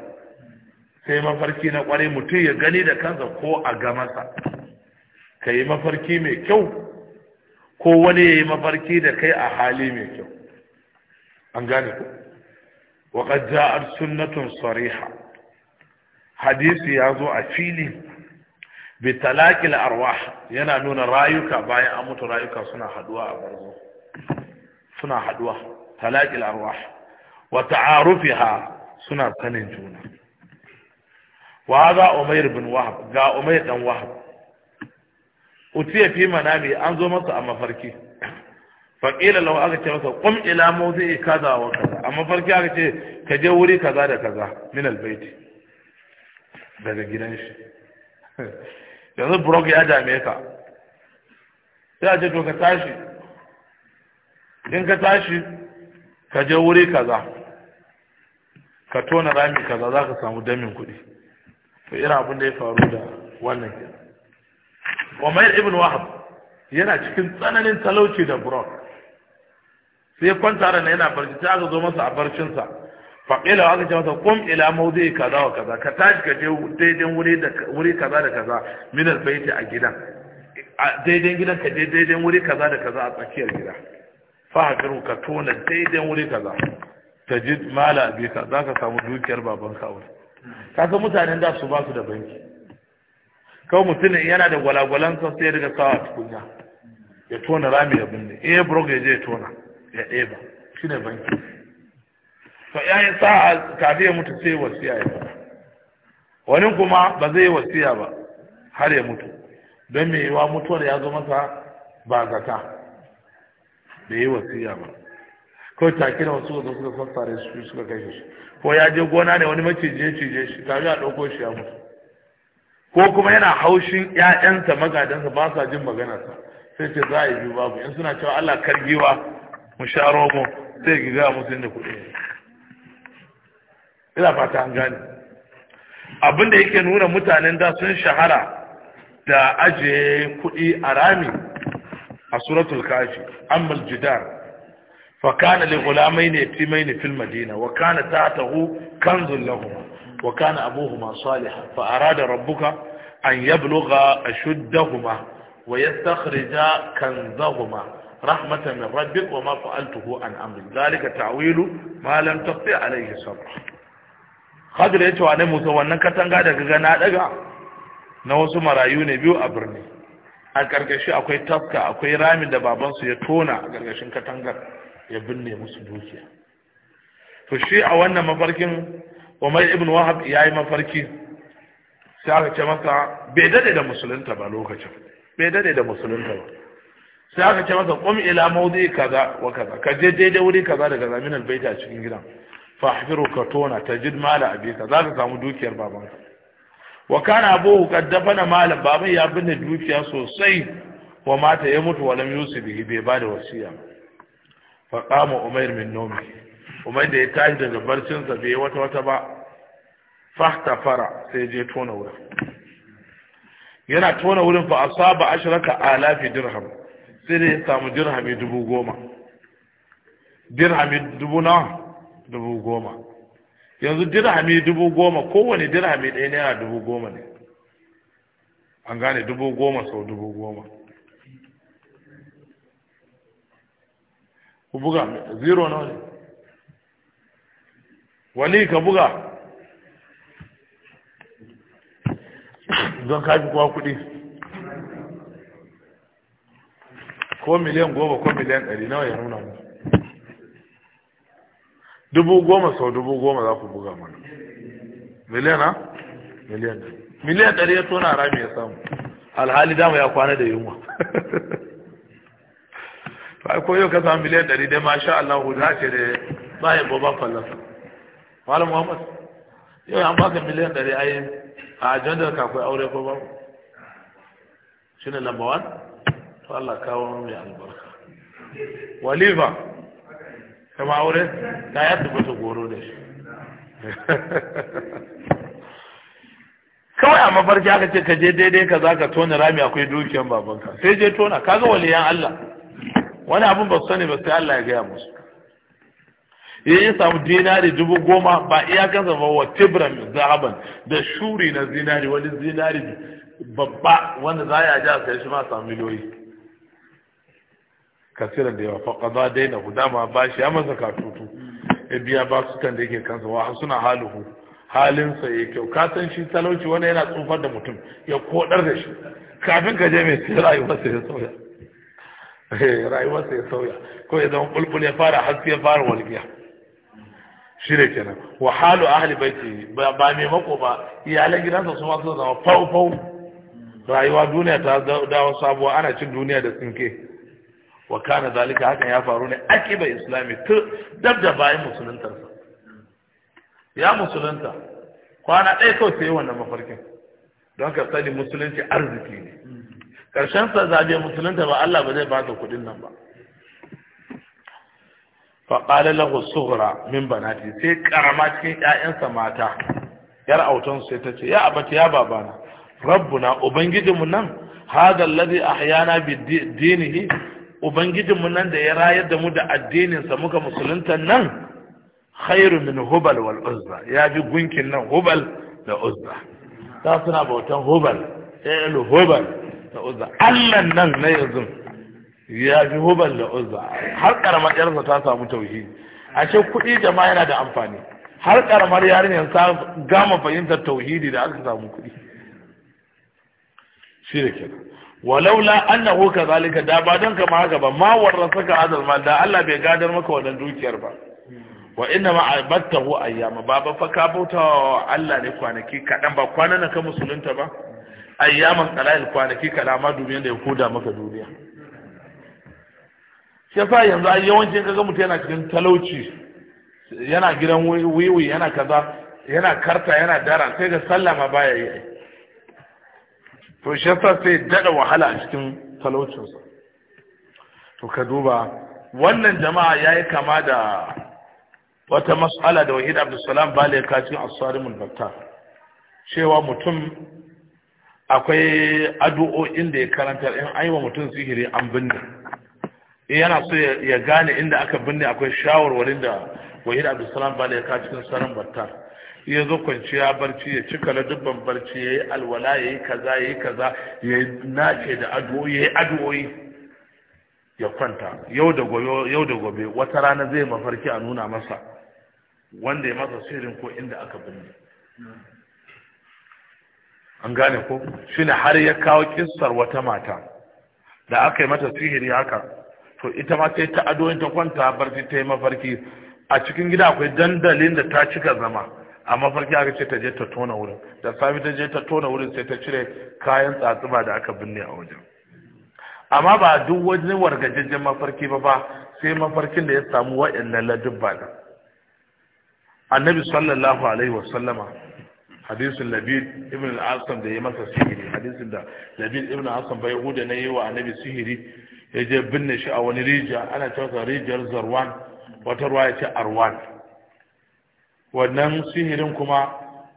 sai mafarki na kwarai mutum ya gani da kansa ko a ga masa ka yi mafarki mai kyau ko wani ya yi mafarki da kai a hali mai kyau an gane ku وقد جاءت سنة صريحة hadisi ya zo a fili bi talakil arwah yana nuna rayuka bayan an mutu rayuka suna haduwa a barzo suna haduwa talakil arwah wa ta'arufiha suna sanin juna wa hadha umayr bin wahab ga umayr dan wahab utiya fi manami an zo masa a mafarki fa qila law aka ce masa qum ila mawdi'i kaza wa kaza Amma farki aka ce ka je wuri kaza da kaza min al-baiti daga gidan shi yanzu brok ya dame ka sai a ce to ka tashi in ka tashi ka je wuri kaza ka tona rami kaza za ka samu damin kuɗi to irin abin da ya faru da wannan ke umair ibn wahab yana cikin tsananin talauci da brok sai kwanta da yana barci ta aka zo masa a barcinsa faƙila aka ce masa kum ila mawdi kaza wa kaza ka tashi ka je daidai wuri da wuri kaza da kaza min albayti a gidan daidai gidan ka je daidai wuri kaza da kaza a tsakiyar gida fa hakaru ka tona daidai wuri kaza tajid mala za zaka samu dukiyar babanka a wurin kaga mutanen da su ba su da banki kawai mutum yana da gwalagwalan sa sai ya riga sawa tukunya ya tona rami ya binne eh brok ya je ya tona ya ɗeba shine banki fa ya yi sa'a ya mutu sai wasiya ya wani kuma ba zai yi wasiya ba har ya mutu don mai yiwa mutuwar ya zo masa ba zata bai yi wasiya ba ko take da wasu wasu suka sassare su suka kashe shi ko ya je gona ne wani macije cije shi tafi a ɗauko shi ya mutu ko kuma yana haushin ƴaƴansa magadansa ba sa jin sa sai ce za a yi biyu babu in suna cewa Allah kargiwa mu sha romo sai ki ga musu inda kuɗi ina fata an gane Abinda yake nuna mutanen da sun shahara da ajiye kuɗi a rami a suratul kafi ammal jidar fa kana li ghulamayn yatimayn fil madina wa kana tahtahu kanzun lahum wa kana abuhuma salihan fa arada rabbuka an yablugha ashuddahuma wa yastakhrija kanzahuma رحمة من ربك وما فعلته عن أمري ذلك تعويل ما لم تستطع عليه صبرا hadir ya ce wa ne musa wannan katanga da gaga na daga na wasu marayu ne biyu a birni a ƙarƙashi akwai tafka akwai ramin da babansu ya tona a ƙarƙashin katangar ya binne musu dukiya to shi a wannan mafarkin umar ibn wahab ya yi mafarki sai aka ce masa bai dade da musulunta ba lokacin bai dade da musulunta ba sai aka ce masa qum ila mawdi kaza wa kaza ka je daidai wuri kaza daga kaza baita a cikin gidan fahfiru ka tona jid mala abika za ka samu dukiyar baban ka wa kana abuhu qad dafana mala baban ya binne dukiya sosai wa mata ya mutu wa lam yusib bihi bai bada wasiya fa qama umair min nomi. umair da ya tashi daga barcin sa bai wata wata ba fahtafara sai je tona wurin yana tona wurin fa asaba ashraka alafi dirham sai da ya samu dirhami dubu goma dirhami dubu nawa dubu goma yanzu dirhami dubu goma kowane dirhami ɗaya naira dubu goma ne an gane dubu goma sau dubu goma ku buga zero na wani, wani ka buga don kafi kuwa kuɗi ko miliyan goma ko miliyan ɗari nawa ya nuna mu dubu goma sau dubu goma za ku buga mana ha? miliyan miliyan ɗari ya tona rami ya samu alhali dama ya kwana da yunwa ba ko yau ka samu miliyan ɗari dai ma sha Allah guda ce da yi boban fallasa malam Muhammad yau an baka miliyan ɗari ai a ajandar ka kai aure ko ba shine lamba 1 to Allah kawo mu albarka waliva kama wurin ta ya su goro da shi kawai a mafarki aka ce ka je daidai ka za ka tona rami akwai dukiyan babanka sai je tona ka ga waliyan Allah wani abin ba su sani ba sai Allah ya gaya musu ya yi samu dinari dubu goma ba iyakansa ba wa tibran zahaban da shuri na zinari wani zinari babba wanda za a ji a kai shi ma samu miliyoyi kasiran da yawa faqada daina guda ma bashi ya masa katutu ya biya ba su kan da yake kansa wa suna haluhu halinsa ya kyau ka san shi talauci wani yana tsufar da mutum ya kodar da shi kafin ka je mai rayuwarsa ya sauya eh, rayuwarsa ya sauya ko ya zama bulbul ya fara haske ya fara walƙiya. shi da kenan wa halu ahli baiti ba mai mako ba iyalan gidansa su ma su zama fau fau rayuwa duniya ta dawo sabuwa ana cin duniya da tsinke wa kana zalika hakan ya faru ne akiba islami dab da bayan musuluntarsa ya musulunta kwana ɗaya kawai sai wannan mafarkin don ka sani musulunci arziki ne karshen sa zabe musulunta ba Allah ba zai ba ka kuɗin nan ba fa qala lahu sughra min banati sai karama cikin ƴaƴansa mata yar auton sai ta ce ya abati ya babana rabbuna ubangijinmu nan hada alladhi ahyana bi dinihi ubangijinmu nan da ya rayar da mu da addininsa muka musulunta nan khairu min hubal wal uzza ya bi gunkin nan hubal da uzza ta suna bautan hubal ilu hubal da uzza allah nan na yanzu ya bi hubal da uzza har karamar yarsa ta samu tauhidi ashe kuɗi jama'a yana da amfani har karamar yarinyar ta gama fahimtar tauhidi da aka samu kuɗi shi da kenan walaula annahu kazalika da ba don kama haka ba ma warrasaka azal mal da Allah bai gadar maka wannan dukiyar ba wa inna ma abattahu ayyama ba ba fa ka bauta Allah ne kwanaki kadan ba kwanan ka musulunta ba ayyaman qala'il kwanaki kalama duniya da ya koda maka duniya shi yasa yanzu ai yawancin kaga mutum yana cikin talauci yana gidan wiwi yana kaza yana karta yana dara sai ga sallama baya yi to shi yasa sai dada wahala a cikin talaucinsa to ka duba wannan jama'a yayi kama da wata mas'ala da wahid abdulsalam bale ya kacin asarimul battar cewa mutum akwai addu'o'in da ya karanta in an yi wa mutum sihiri an binne yana so ya gane inda aka binne akwai shawarwarin da wahid abdulsalam bale ya cikin sarin battar ya zo kwanciya barci ya cika dubban barci ya yi alwala ya yi kaza ya yi kaza ya yi nace da addu'o'i ya yi addu'o'i ya kwanta yau da gobe yau da gobe wata rana zai mafarki a nuna masa wanda ya masa sirrin ko inda aka binne an gane ko shine har ya kawo kissar wata mata da aka yi mata sihiri haka to ita ma sai ta ado ta kwanta barci ta yi mafarki a cikin gida akwai dandalin da ta cika zama a mafarki aka ce ta je ta tona wurin da safi ta je ta tona wurin sai ta cire kayan tsatsuma da aka binne a wajen amma ba duk wani wargajejjen mafarki ba ba sai mafarkin da ya samu wa'annan ladubba da annabi sallallahu alaihi wa sallama hadisin labid ibn al-asam da ya masa sihiri hadisin da labid ibn al-asam bai huda na yi wa annabi sihiri ya je binne shi a wani rijiya ana cewa rijiyar zarwan wata ruwa ya ce arwan wannan sihirin kuma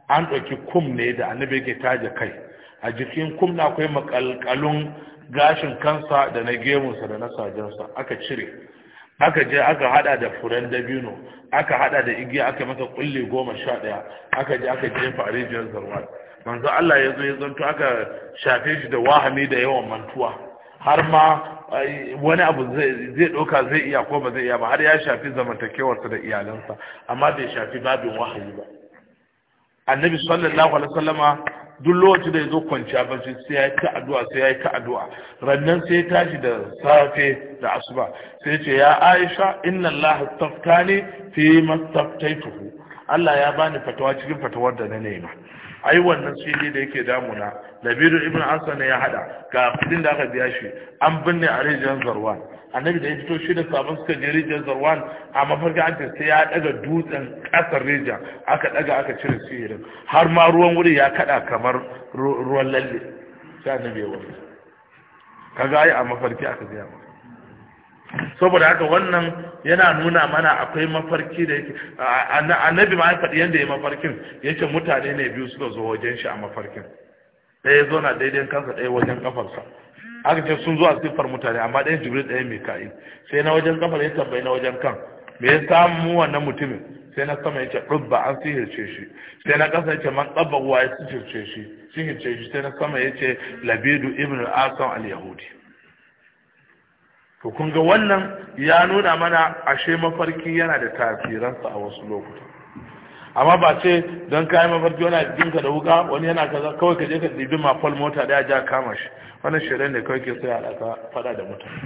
an ɗauki kum ne da annabi ke taje kai a jikin kum na akwai makalkalun gashin kansa da na gemunsa da na sajensa aka cire aka je aka haɗa da furen dabino aka haɗa da igiya aka masa kulle goma sha ɗaya aka je aka jefa a rijiyar zarwa manzo Allah ya zo ya zanto aka shafe shi da wahami da yawan mantuwa har ma wani abu zai ɗauka zai iya ko ba zai iya ba har ya shafi zamantakewarsa da iyalansa amma bai shafi babin wahayi ba annabi sallallahu alaihi wasallama duk lokacin da ya zo kwanciya ba sai ya yi ta addu'a sai ya yi ta addu'a rannan sai ya tashi da safe da asuba sai ce ya aisha inna allah taftani fi mastaftaitu Allah ya bani fatawa cikin fatawar da na nema ai wannan ne da yake damuna labiru ibn hassan ya hada ga kudin da aka biya shi an binne a rijiyar zarwan annabi da ya fito shi da sabon suka je rijiyar zarwan a mafarka an ce sai ya daga dutsen kasar rijiya aka daga aka cire sihirin har ma ruwan wuri ya kada kamar ruwan lalle sai annabi ya wuce kaga ai a mafarki aka biya saboda haka wannan yana nuna mana akwai mafarki da yake annabi ma ya faɗi yadda ya mafarkin yake mutane ne biyu suka zo wajen shi a mafarkin ɗaya zo na daidai kansa ɗaya wajen kafarsa aka ce sun zo a siffar mutane amma ɗaya jibril ɗaya kai sai na wajen kafar ya tambayi na wajen kan me ya samu wannan mutumin sai na sama yace ɗubba an sihirce shi sai na ƙasa yace man ɗabba uwa ya sihirce shi sihirce shi sai na sama yace labidu ibn al-asam al-yahudi to kun ga wannan ya nuna mana ashe mafarki yana da tasiransa a wasu lokuta amma ba ce don kayan mafarki wani dinka da wuka wani yana kaza kawai ka je ka ɗibi mafal mota da ja kama shi wannan shirin ne kawai ke sai ɗaka fada da mutane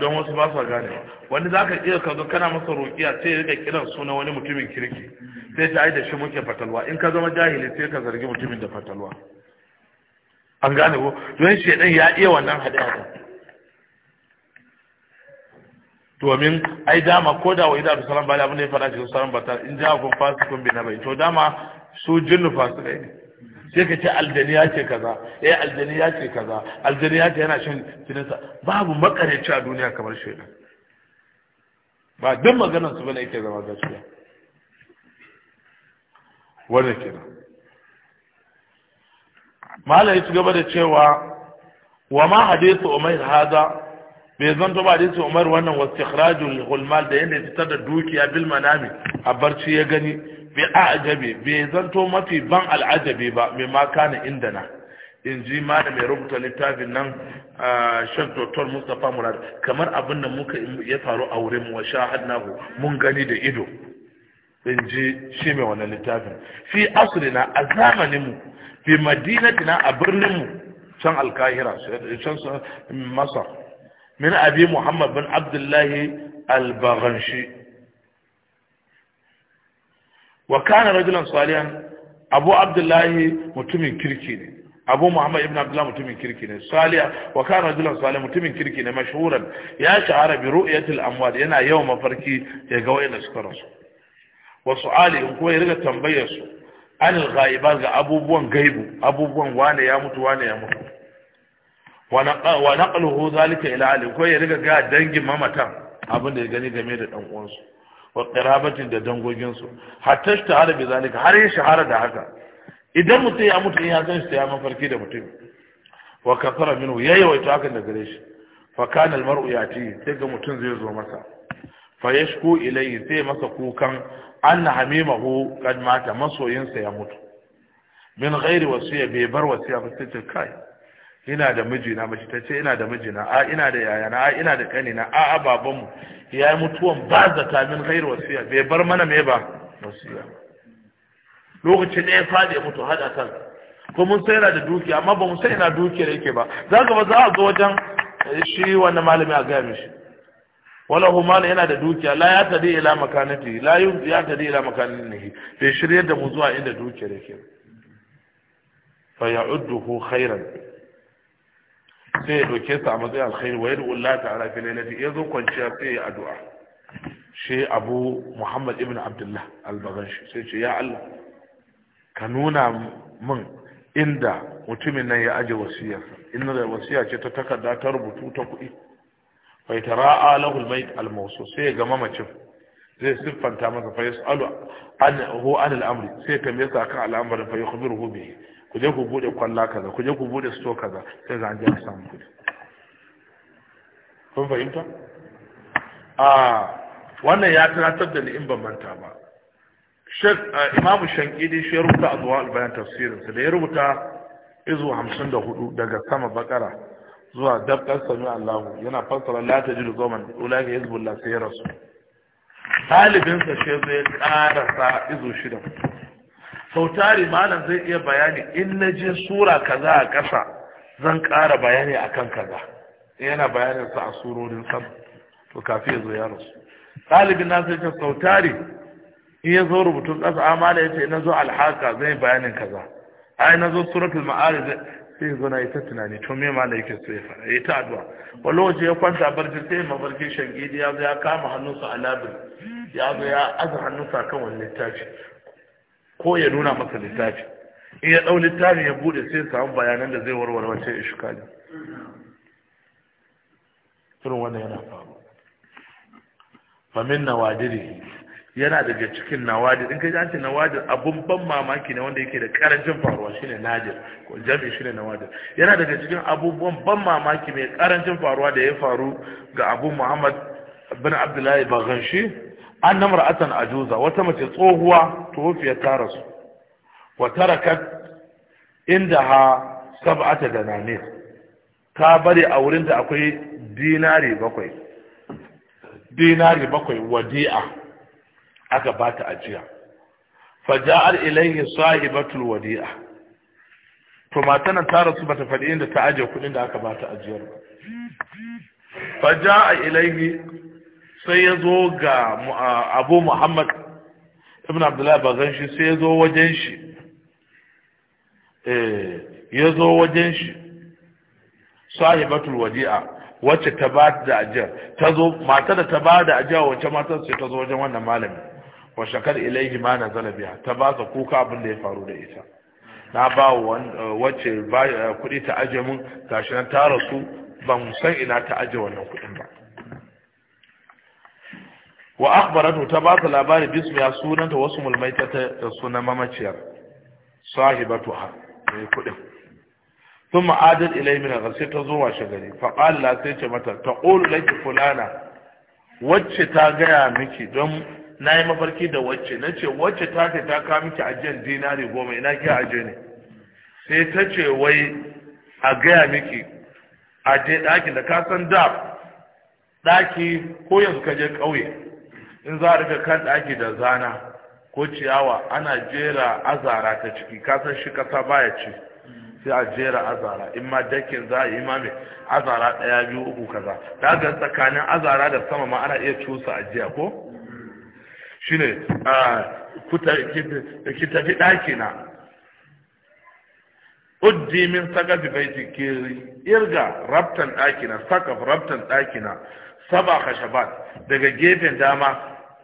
don wasu ba sa gane wani za ka iya kazo kana masa roƙiya sai ya kiran suna wani mutumin kirki sai ta yi da shi muke fatalwa in ka zama jahili sai ka zargi mutumin da fatalwa an gane ko don shi ya iya wannan haɗe haɗe domin ai dama ko da wai da abu salam bala abinda da ya fara cikin salam bata in ji kun fasu kun bi na bai to dama su jinnu fasu kai sai ka ce aljani ya ce kaza eh aljani ya ce kaza aljani ya ce yana shan jininsa babu makarici a duniya kamar shaidan ba duk maganar su bane yake zama gaskiya ke kenan malai ya ci gaba da cewa wa ma hadithu umayr haza bai to ba su umar wannan wastikhrajul hulmal da yanda fitar da dukiya bil manami a barci ya gani bai ajabe zan to mafi ban al'ajabi ba mai ma inda na in ji ma mai rubuta littafin nan shan dr mustapha murad kamar abin da muka ya faru a wurin wa shahadnahu mun gani da ido in ji shi mai wannan littafin fi na a zamanin mu fi madinatina a birnin mu can alkahira can masar min abi muhammad bin abdullahi al-baghanshi wa kana rajulan abu abdullahi mutumin kirki ne abu muhammad ibn abdullah mutumin kirki ne saliha wa kana rajulan mutumin kirki ne mashhuran ya shahara bi ru'yatil amwal yana yawan mafarki ya ga wayanda wasu rasu wa su'ali in kuma ya riga tambayarsu su ga abubuwan gaibu abubuwan wane ya mutu wane ya mutu wa naqluhu zalika ila ali ko ya riga ga dangin mamatan abin da ya gani game da dan uwansu wa qirabatin da dangogin su hatta shahara bi zalika har ya shahara da haka idan mutum ya mutu ya san shi ya mafarki da mutum wa kafara minhu yayyawaita hakan da gare shi fa kana al mar'u yati sai ga mutum zai zo masa fa yashku ilayhi sai masa kukan anna hamimahu kad mata masoyinsa ya mutu min ghairi wasiya bai bar wasiya ba sai ina da mijina mace ta ce ina da mijina a ina da yayana a ina da kanina a a babanmu ya yi mutuwan ba zata min khairu wasiya bai bar mana me ba wasiya lokacin da ya fadi ya mutu hada kan ko mun sai yana da dukiya amma ba mun sai yana dukiyar yake ba za ka ba za a zo wajen eh, shi wannan malami a gaya mishi wala humala yana da dukiya la ya tadi ila makanati la ya tadi ila makanati bai shiryar da mu zuwa inda dukiya yake fa ya'udduhu khairan sai ya dauke sa a matsayin alkhairi wa yadda Allah ala fi lailati ya zo kwanciya sai ya addu'a shi Abu Muhammad ibn Abdullah al-Baghashi sai ce ya Allah ka nuna min inda mutumin nan ya aje wasiyar inda da wasiya ce ta takarda ta rubutu ta kuɗi Fai yatara'a lahu al-mayt sai ya gama mace. zai siffanta masa fa yas'alu an hu an al-amri sai tambaye sa kan al'amarin fa yukhbiruhu bihi ku je ku bude kwalla kaza ku je ku bude store kaza sai za a je a samu kudi kun fahimta a wannan ya tunatar da ni in ban manta ba imamu shankidi shi ya rubuta azuwa albayan tafsirinsa da ya rubuta izu hamsin da hudu daga sama bakara zuwa dabkar sami allahu yana fassara la ta jiru zoman yanzu bulla sai ya rasu Dalibinsa shi zai karasa izu shida sau tari malam zai iya bayani in na je sura kaza a ƙasa zan ƙara bayani a kan kaza yana bayanin sa a surorin sam to kafin ya zo ya rasu ɗalibin na sai ce sau tari in ya zo rubutun ƙasa malam ya ce na zo alhaka zai bayanin kaza ai na zo suratul ma'arij sai zo na yi ta tunani to me ma yake so ya fara yi ta addu'a wani waje ya kwanta barci sai mafarki gidi ya zo ya kama hannunsa a labin ya zo ya aza hannunsa kan wani littafi ko ya nuna masa littafi in ya ɗau littafi ya buɗe sai samu bayanan da zai warware shuka ishkali irin wannan yana faru famin nawadiri yana daga cikin nawadir in kai jance nawadir abun ban mamaki ne wanda yake da karancin faruwa shine nadir ko jami shine nawadir yana daga cikin abubuwan ban mamaki mai karancin faruwa da ya faru ga abu muhammad bin abdullahi baganshi an namar atan ajuza wata mace tsohuwa tofiyar ta rasu wa tarakat inda ha sab'ata dananis ta bari a wurin da akwai dinari bakwai dinari bakwai wadi'a aka bata ajiya faja'ar ilaihi sahibatul wadi'a to matan nan ta rasu bata faɗi inda ta ajiye kuɗin da aka bata ajiyar ba faja'a ilaihi sai ya zo ga abu muhammad ibn abdullahi bazan shi sai ya zo wajen shi eh, ya zo wajen shi sahibatul wadi'a wacce ta ba da ajiyar ta zo mata da ta ba da ajiyar wacce mata sai ta zo wajen wannan malami wa shakar ilaihi ma na zalabiya ta ba sa kuka abin da ya faru da ita na ba eh, wacce eh, kuɗi ta ajiye mun gashi nan ta rasu ban san ina ta ajiye wannan kuɗin ba wa akhbaratu ta ba ta labari bismiya sunanta wasu mulmaita ta sunan mamaciyar sahibatuha mai kudin sun ma'adar ilai min sai ta zo washe gari faƙalla sai ce mata ta ƙolu laki fulana wacce ta gaya miki don na yi mafarki da wacce na ce wacce ta ce ta kawo miki ajiyar dinari goma ina ki aje ne sai ta ce wai a gaya miki aje ɗakin da ka san da ɗaki ko yanzu ka je ƙauye in za a rika kan ɗaki da zana ko ciyawa ana jera azara ta ciki kasan shi kasa baya ci sai a jera azara in ma dakin za a yi ma mai azara ɗaya biyu uku kaza ta ga tsakanin azara da sama ma ana iya cusa ajiya ko shine ah, ki tafi ɗaki na uddi min sakafi baiti kiri irga rabtan ɗakina saka rabtan ɗakina saba khashabat daga gefen dama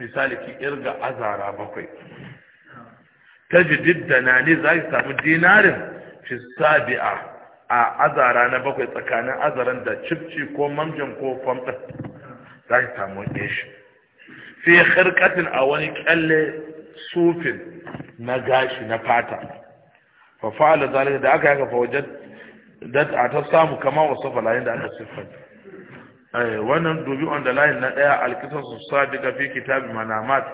misali ki irga azara bakwai tajidid danani za ki samu dinarin fi sabi'a a azara na bakwai tsakanin azaran da cipci ko mamjin ko famɗin za samu shi fi khirkatin a wani kyalle sufin na gashi na fata fa fa'ala da aka yaka fa wajad dat ta samu kama wasafa layin da aka siffanta eh, wannan dubi on the line na daya alkisan su sadiqa fi kitab manamat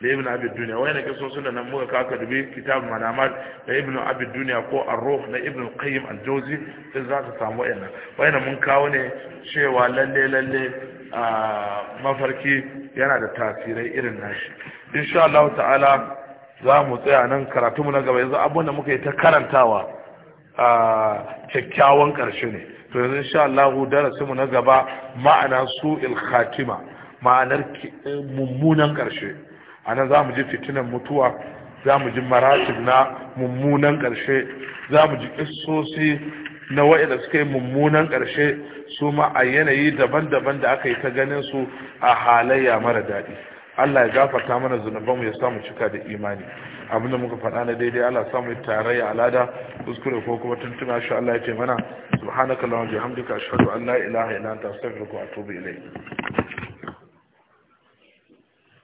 da ibn abi dunya wayan kisan su da nan muka kaka dubi kitab manamat da ibn abi dunya ko ar-ruh na ibn qayyim al-jawzi sai za ka samu wayan wayan mun kawo ne cewa lalle lalle ah, mafarki yana da tasirai irin nashi insha ta'ala za mu tsaya nan karatu mu na gaba yanzu abin da muka yi ta karantawa a kyakkyawan ƙarshe ne to yanzu insha Allah darasi mu na gaba ma'ana su'il khatima ma'anar eh, mummunan ƙarshe anan za mu ji fitinan mutuwa za mu ji maratib na mummunan ƙarshe za mu ji kissosi na waɗanda suka yi mummunan ƙarshe su ma a yanayi daban-daban da aka yi ta ganin su a halayya mara daɗi Allah ya gafarta mana zunubanmu ya samu cika da imani abinda muka faɗa na daidai Allah samu tarayya alada kuskure ko kuma tuntuna shi Allah ya ce mana subhanaka allahumma bihamdika ashhadu an la ilaha illa anta astaghfiruka wa atubu ilayk